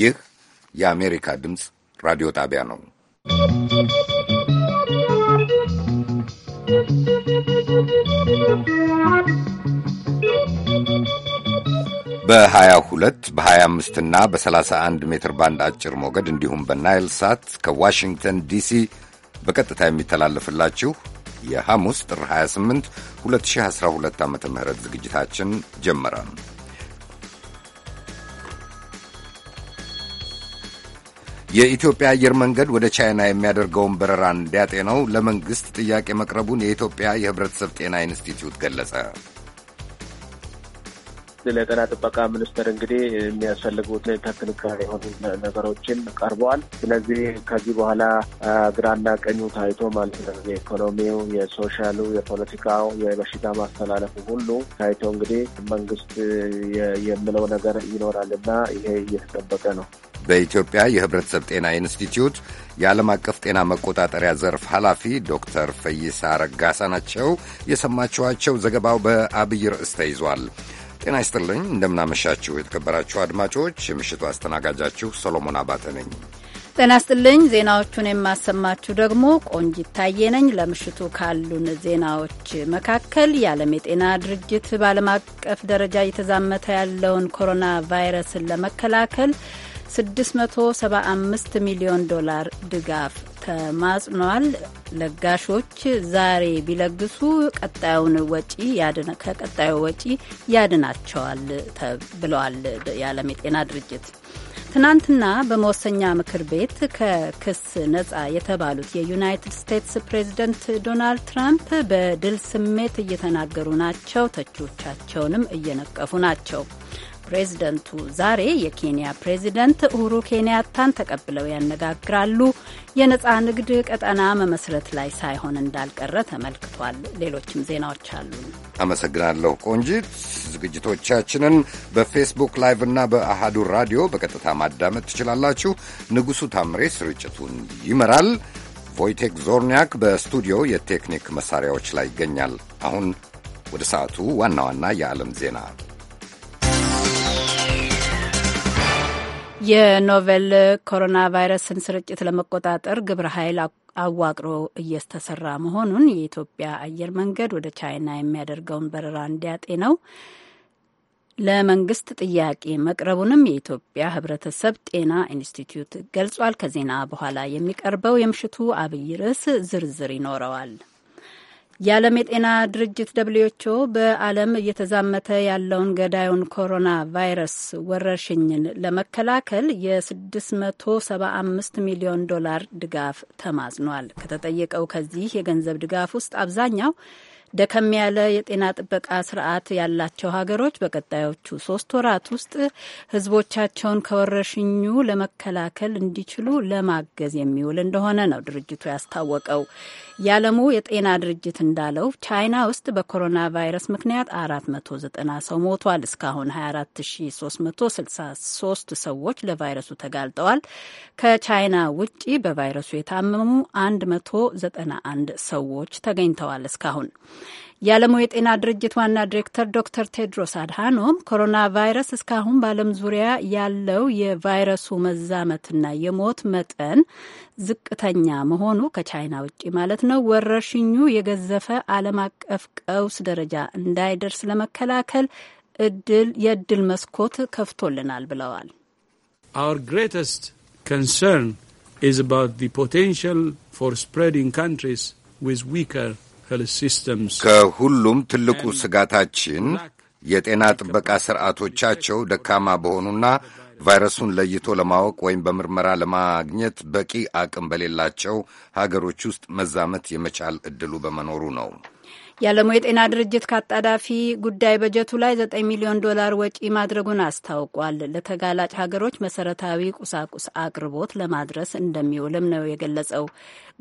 ይህ የአሜሪካ ድምፅ ራዲዮ ጣቢያ ነው። በ22 በ25 እና በ31 ሜትር ባንድ አጭር ሞገድ እንዲሁም በናይል ሳት ከዋሽንግተን ዲሲ በቀጥታ የሚተላለፍላችሁ የሐሙስ ጥር 28 2012 ዓ ም ዝግጅታችን ጀመረ። የኢትዮጵያ አየር መንገድ ወደ ቻይና የሚያደርገውን በረራ እንዲያጤነው ለመንግሥት ጥያቄ መቅረቡን የኢትዮጵያ የሕብረተሰብ ጤና ኢንስቲትዩት ገለጸ። ለጤና ጥበቃ ሚኒስቴር እንግዲህ የሚያስፈልጉት ተክንካ የሆኑ ነገሮችን ቀርበዋል። ስለዚህ ከዚህ በኋላ ግራና ቀኙ ታይቶ ማለት ነው የኢኮኖሚው፣ የሶሻሉ፣ የፖለቲካው፣ የበሽታ ማስተላለፉ ሁሉ ታይቶ እንግዲህ መንግስት የሚለው ነገር ይኖራል እና ይሄ እየተጠበቀ ነው። በኢትዮጵያ የህብረተሰብ ጤና ኢንስቲትዩት የዓለም አቀፍ ጤና መቆጣጠሪያ ዘርፍ ኃላፊ ዶክተር ፈይሳ ረጋሳ ናቸው የሰማችኋቸው። ዘገባው በአብይ ርዕስ ተይዟል። ጤና ይስጥልኝ፣ እንደምናመሻችሁ የተከበራችሁ አድማጮች። የምሽቱ አስተናጋጃችሁ ሰሎሞን አባተ ነኝ። ጤና ይስጥልኝ። ዜናዎቹን የማሰማችሁ ደግሞ ቆንጂት ታዬ ነኝ። ለምሽቱ ካሉን ዜናዎች መካከል የዓለም የጤና ድርጅት በዓለም አቀፍ ደረጃ እየተዛመተ ያለውን ኮሮና ቫይረስን ለመከላከል 675 ሚሊዮን ዶላር ድጋፍ ተማጽኗል። ለጋሾች ዛሬ ቢለግሱ ቀጣዩን ወጪ ከቀጣዩ ወጪ ያድናቸዋል ብለዋል የዓለም የጤና ድርጅት። ትናንትና በመወሰኛ ምክር ቤት ከክስ ነጻ የተባሉት የዩናይትድ ስቴትስ ፕሬዝደንት ዶናልድ ትራምፕ በድል ስሜት እየተናገሩ ናቸው፣ ተቺዎቻቸውንም እየነቀፉ ናቸው። ፕሬዚደንቱ ዛሬ የኬንያ ፕሬዚደንት ኡሁሩ ኬንያታን ተቀብለው ያነጋግራሉ። የነፃ ንግድ ቀጠና መመስረት ላይ ሳይሆን እንዳልቀረ ተመልክቷል። ሌሎችም ዜናዎች አሉ። አመሰግናለሁ ቆንጂት። ዝግጅቶቻችንን በፌስቡክ ላይቭ እና በአሃዱ ራዲዮ በቀጥታ ማዳመጥ ትችላላችሁ። ንጉሱ ታምሬ ስርጭቱን ይመራል። ቮይቴክ ዞርኒያክ በስቱዲዮ የቴክኒክ መሳሪያዎች ላይ ይገኛል። አሁን ወደ ሰዓቱ ዋና ዋና የዓለም ዜና የኖቬል ኮሮና ቫይረስን ስርጭት ለመቆጣጠር ግብረ ኃይል አዋቅሮ እየተሰራ መሆኑን የኢትዮጵያ አየር መንገድ ወደ ቻይና የሚያደርገውን በረራ እንዲያጤነው ለመንግስት ጥያቄ መቅረቡንም የኢትዮጵያ ሕብረተሰብ ጤና ኢንስቲትዩት ገልጿል። ከዜና በኋላ የሚቀርበው የምሽቱ አብይ ርዕስ ዝርዝር ይኖረዋል። የዓለም የጤና ድርጅት ደብልዮቾ በዓለም እየተዛመተ ያለውን ገዳዩን ኮሮና ቫይረስ ወረርሽኝን ለመከላከል የ675 ሚሊዮን ዶላር ድጋፍ ተማጽኗል። ከተጠየቀው ከዚህ የገንዘብ ድጋፍ ውስጥ አብዛኛው ደከም ያለ የጤና ጥበቃ ስርዓት ያላቸው ሀገሮች በቀጣዮቹ ሶስት ወራት ውስጥ ህዝቦቻቸውን ከወረርሽኙ ለመከላከል እንዲችሉ ለማገዝ የሚውል እንደሆነ ነው ድርጅቱ ያስታወቀው። የዓለሙ የጤና ድርጅት እንዳለው ቻይና ውስጥ በኮሮና ቫይረስ ምክንያት 490 ሰው ሞቷል። እስካሁን 24363 ሰዎች ለቫይረሱ ተጋልጠዋል። ከቻይና ውጪ በቫይረሱ የታመሙ 191 ሰዎች ተገኝተዋል እስካሁን የዓለሙ የጤና ድርጅት ዋና ዲሬክተር ዶክተር ቴድሮስ አድሃኖም ኮሮና ቫይረስ እስካሁን በዓለም ዙሪያ ያለው የቫይረሱ መዛመትና የሞት መጠን ዝቅተኛ መሆኑ ከቻይና ውጭ ማለት ነው ወረርሽኙ የገዘፈ ዓለም አቀፍ ቀውስ ደረጃ እንዳይደርስ ለመከላከል እድል የእድል መስኮት ከፍቶልናል ብለዋል። Our greatest concern is about the potential for spreading countries with weaker ከሁሉም ትልቁ ስጋታችን የጤና ጥበቃ ስርዓቶቻቸው ደካማ በሆኑና ቫይረሱን ለይቶ ለማወቅ ወይም በምርመራ ለማግኘት በቂ አቅም በሌላቸው ሀገሮች ውስጥ መዛመት የመቻል እድሉ በመኖሩ ነው። የዓለሙ የጤና ድርጅት ከአጣዳፊ ጉዳይ በጀቱ ላይ 9 ሚሊዮን ዶላር ወጪ ማድረጉን አስታውቋል። ለተጋላጭ ሀገሮች መሰረታዊ ቁሳቁስ አቅርቦት ለማድረስ እንደሚውልም ነው የገለጸው።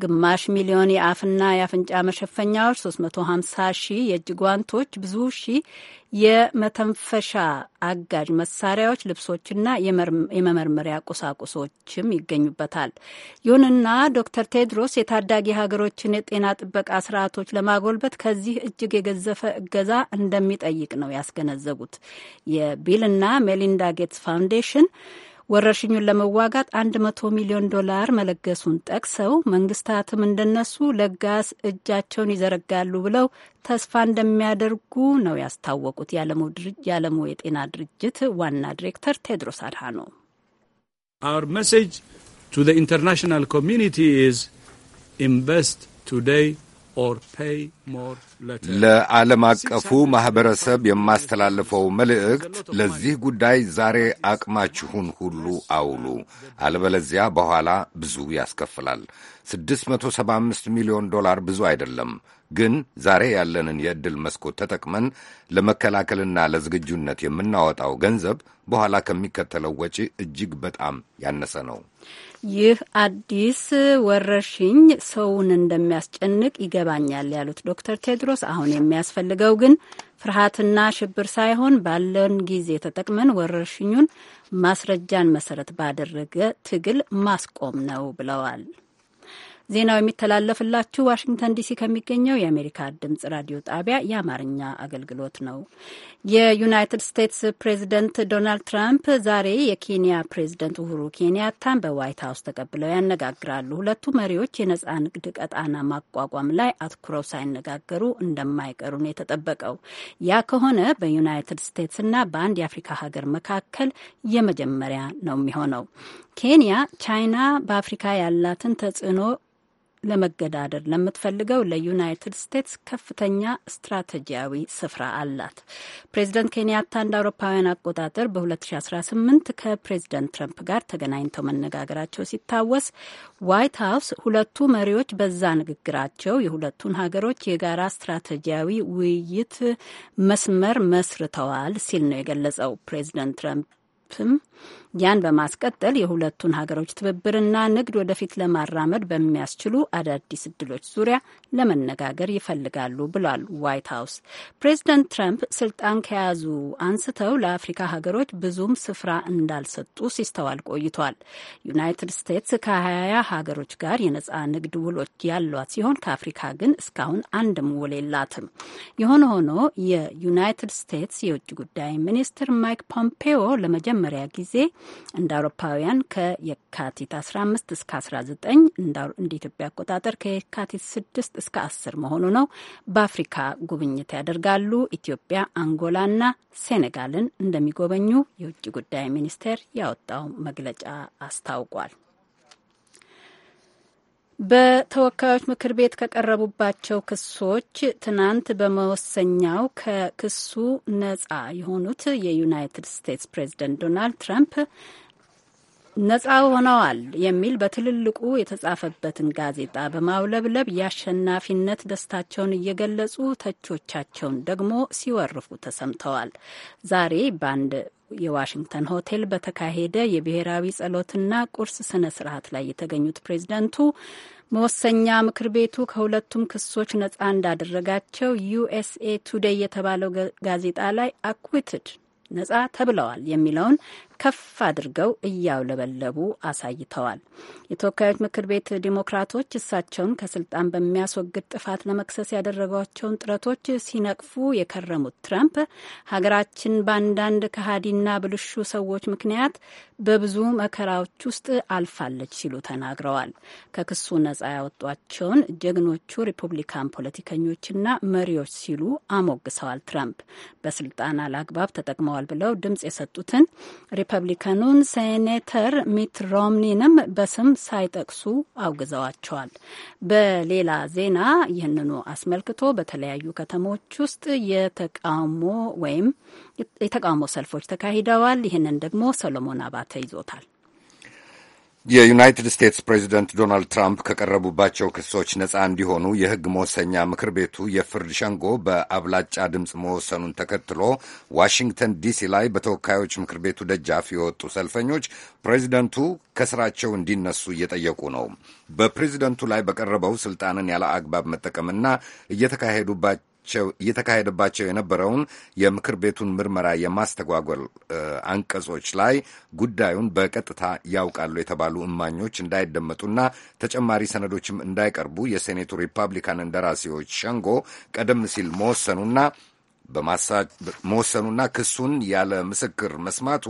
ግማሽ ሚሊዮን የአፍና የአፍንጫ መሸፈኛዎች፣ 350 ሺህ የእጅ ጓንቶች፣ ብዙ ሺህ የመተንፈሻ አጋዥ መሳሪያዎች፣ ልብሶችና የመመርመሪያ ቁሳቁሶችም ይገኙበታል። ይሁንና ዶክተር ቴድሮስ የታዳጊ ሀገሮችን የጤና ጥበቃ ስርዓቶች ለማጎልበት ከዚህ እጅግ የገዘፈ እገዛ እንደሚጠይቅ ነው ያስገነዘቡት። የቢልና ሜሊንዳ ጌትስ ፋውንዴሽን ወረርሽኙን ለመዋጋት 100 ሚሊዮን ዶላር መለገሱን ጠቅሰው መንግስታትም እንደነሱ ለጋስ እጃቸውን ይዘረጋሉ ብለው ተስፋ እንደሚያደርጉ ነው ያስታወቁት። የዓለሙ የጤና ድርጅት ዋና ዲሬክተር ቴድሮስ አድሃኖም Our message to the international community is invest today ለዓለም አቀፉ ማኅበረሰብ የማስተላልፈው መልእክት ለዚህ ጉዳይ ዛሬ አቅማችሁን ሁሉ አውሉ፣ አለበለዚያ በኋላ ብዙ ያስከፍላል። 675 ሚሊዮን ዶላር ብዙ አይደለም፣ ግን ዛሬ ያለንን የዕድል መስኮት ተጠቅመን ለመከላከልና ለዝግጁነት የምናወጣው ገንዘብ በኋላ ከሚከተለው ወጪ እጅግ በጣም ያነሰ ነው። ይህ አዲስ ወረርሽኝ ሰውን እንደሚያስጨንቅ ይገባኛል ያሉት ዶክተር ቴድሮስ አሁን የሚያስፈልገው ግን ፍርሃትና ሽብር ሳይሆን ባለን ጊዜ ተጠቅመን ወረርሽኙን ማስረጃን መሰረት ባደረገ ትግል ማስቆም ነው ብለዋል። ዜናው የሚተላለፍላችሁ ዋሽንግተን ዲሲ ከሚገኘው የአሜሪካ ድምጽ ራዲዮ ጣቢያ የአማርኛ አገልግሎት ነው። የዩናይትድ ስቴትስ ፕሬዚደንት ዶናልድ ትራምፕ ዛሬ የኬንያ ፕሬዚደንት ኡሁሩ ኬንያታን በዋይት ሀውስ ተቀብለው ያነጋግራሉ። ሁለቱ መሪዎች የነጻ ንግድ ቀጣና ማቋቋም ላይ አትኩረው ሳይነጋገሩ እንደማይቀሩ ነው የተጠበቀው። ያ ከሆነ በዩናይትድ ስቴትስና በአንድ የአፍሪካ ሀገር መካከል የመጀመሪያ ነው የሚሆነው። ኬንያ ቻይና በአፍሪካ ያላትን ተጽዕኖ ለመገዳደር ለምትፈልገው ለዩናይትድ ስቴትስ ከፍተኛ ስትራቴጂያዊ ስፍራ አላት። ፕሬዚደንት ኬንያታ እንደ አውሮፓውያን አቆጣጠር በ2018 ከፕሬዚደንት ትረምፕ ጋር ተገናኝተው መነጋገራቸው ሲታወስ፣ ዋይት ሀውስ ሁለቱ መሪዎች በዛ ንግግራቸው የሁለቱን ሀገሮች የጋራ ስትራቴጂያዊ ውይይት መስመር መስርተዋል ሲል ነው የገለጸው። ፕሬዚደንት ትረምፕ ም ያን በማስቀጠል የሁለቱን ሀገሮች ትብብርና ንግድ ወደፊት ለማራመድ በሚያስችሉ አዳዲስ እድሎች ዙሪያ ለመነጋገር ይፈልጋሉ ብሏል ዋይት ሀውስ። ፕሬዚደንት ትራምፕ ስልጣን ከያዙ አንስተው ለአፍሪካ ሀገሮች ብዙም ስፍራ እንዳልሰጡ ሲስተዋል ቆይቷል። ዩናይትድ ስቴትስ ከሀያ ሀገሮች ጋር የነፃ ንግድ ውሎች ያሏት ሲሆን ከአፍሪካ ግን እስካሁን አንድም ውል የላትም። የሆነ ሆኖ የዩናይትድ ስቴትስ የውጭ ጉዳይ ሚኒስትር ማይክ ፖምፔዮ ለመጀመ ለመጀመሪያ ጊዜ እንደ አውሮፓውያን ከየካቲት 15 እስከ 19 እንደ ኢትዮጵያ አቆጣጠር ከየካቲት 6 እስከ 10 መሆኑ ነው በአፍሪካ ጉብኝት ያደርጋሉ። ኢትዮጵያ አንጎላና ሴኔጋልን እንደሚጎበኙ የውጭ ጉዳይ ሚኒስቴር ያወጣው መግለጫ አስታውቋል። በተወካዮች ምክር ቤት ከቀረቡባቸው ክሶች ትናንት በመወሰኛው ከክሱ ነጻ የሆኑት የዩናይትድ ስቴትስ ፕሬዚደንት ዶናልድ ትራምፕ ነጻ ሆነዋል የሚል በትልልቁ የተጻፈበትን ጋዜጣ በማውለብለብ የአሸናፊነት ደስታቸውን እየገለጹ ተቾቻቸውን ደግሞ ሲወርፉ ተሰምተዋል። ዛሬ በአንድ የዋሽንግተን ሆቴል በተካሄደ የብሔራዊ ጸሎትና ቁርስ ስነ ስርዓት ላይ የተገኙት ፕሬዚደንቱ መወሰኛ ምክር ቤቱ ከሁለቱም ክሶች ነጻ እንዳደረጋቸው ዩኤስኤ ቱዴይ የተባለው ጋዜጣ ላይ አኩዊትድ ነጻ ተብለዋል የሚለውን ከፍ አድርገው እያውለበለቡ አሳይተዋል። የተወካዮች ምክር ቤት ዲሞክራቶች እሳቸውን ከስልጣን በሚያስወግድ ጥፋት ለመክሰስ ያደረጓቸውን ጥረቶች ሲነቅፉ የከረሙት ትራምፕ ሀገራችን በአንዳንድ ከሃዲና ብልሹ ሰዎች ምክንያት በብዙ መከራዎች ውስጥ አልፋለች ሲሉ ተናግረዋል። ከክሱ ነጻ ያወጧቸውን ጀግኖቹ ሪፑብሊካን ፖለቲከኞችና መሪዎች ሲሉ አሞግሰዋል። ትራምፕ በስልጣን አላግባብ ተጠቅመዋል ብለው ድምጽ የሰጡትን ሪፐብሊካኑን ሴኔተር ሚት ሮምኒንም በስም ሳይጠቅሱ አውግዘዋቸዋል። በሌላ ዜና ይህንኑ አስመልክቶ በተለያዩ ከተሞች ውስጥ የተቃውሞ ወይም የተቃውሞ ሰልፎች ተካሂደዋል። ይህንን ደግሞ ሰሎሞን አባተ ይዞታል። የዩናይትድ ስቴትስ ፕሬዚደንት ዶናልድ ትራምፕ ከቀረቡባቸው ክሶች ነፃ እንዲሆኑ የሕግ መወሰኛ ምክር ቤቱ የፍርድ ሸንጎ በአብላጫ ድምፅ መወሰኑን ተከትሎ ዋሽንግተን ዲሲ ላይ በተወካዮች ምክር ቤቱ ደጃፍ የወጡ ሰልፈኞች ፕሬዚደንቱ ከስራቸው እንዲነሱ እየጠየቁ ነው። በፕሬዚደንቱ ላይ በቀረበው ስልጣንን ያለ አግባብ መጠቀምና እየተካሄዱባቸው እየተካሄደባቸው የነበረውን የምክር ቤቱን ምርመራ የማስተጓጎል አንቀጾች ላይ ጉዳዩን በቀጥታ ያውቃሉ የተባሉ እማኞች እንዳይደመጡና ተጨማሪ ሰነዶችም እንዳይቀርቡ የሴኔቱ ሪፐብሊካን እንደራሴዎች ሸንጎ ቀደም ሲል መወሰኑና መወሰኑና ክሱን ያለ ምስክር መስማቱ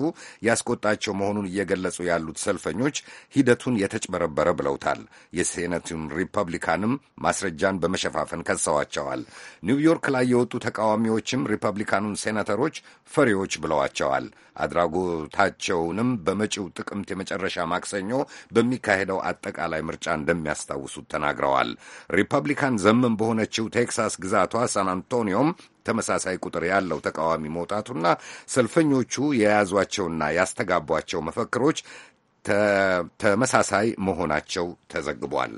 ያስቆጣቸው መሆኑን እየገለጹ ያሉት ሰልፈኞች ሂደቱን የተጭበረበረ ብለውታል። የሴኔቱን ሪፐብሊካንም ማስረጃን በመሸፋፈን ከሰዋቸዋል። ኒውዮርክ ላይ የወጡ ተቃዋሚዎችም ሪፐብሊካኑን ሴናተሮች ፈሪዎች ብለዋቸዋል። አድራጎታቸውንም በመጪው ጥቅምት የመጨረሻ ማክሰኞ በሚካሄደው አጠቃላይ ምርጫ እንደሚያስታውሱት ተናግረዋል። ሪፐብሊካን ዘመን በሆነችው ቴክሳስ ግዛቷ ሳን አንቶኒዮም ተመሳሳይ ቁጥር ያለው ተቃዋሚ መውጣቱና ሰልፈኞቹ የያዟቸውና ያስተጋቧቸው መፈክሮች ተመሳሳይ መሆናቸው ተዘግቧል።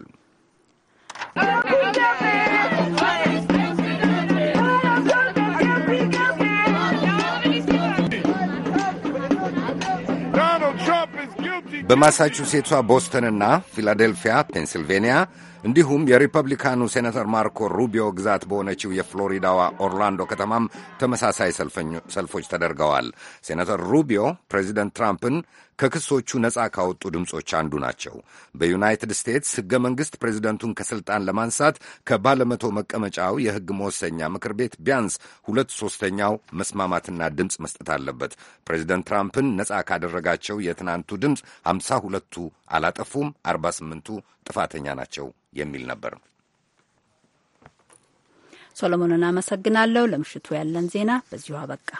በማሳቹሴትሷ ቦስተንና ፊላዴልፊያ ፔንስልቬንያ እንዲሁም የሪፐብሊካኑ ሴናተር ማርኮ ሩቢዮ ግዛት በሆነችው የፍሎሪዳዋ ኦርላንዶ ከተማም ተመሳሳይ ሰልፎች ተደርገዋል። ሴነተር ሩቢዮ ፕሬዚደንት ትራምፕን ከክሶቹ ነጻ ካወጡ ድምፆች አንዱ ናቸው። በዩናይትድ ስቴትስ ሕገ መንግሥት ፕሬዚደንቱን ከሥልጣን ለማንሳት ከባለመቶ መቀመጫው የሕግ መወሰኛ ምክር ቤት ቢያንስ ሁለት ሦስተኛው መስማማትና ድምፅ መስጠት አለበት። ፕሬዚደንት ትራምፕን ነጻ ካደረጋቸው የትናንቱ ድምፅ ሃምሳ ሁለቱ አላጠፉም፣ አርባ ስምንቱ ጥፋተኛ ናቸው የሚል ነበር። ሶሎሞንን አመሰግናለሁ። ለምሽቱ ያለን ዜና በዚሁ አበቃ።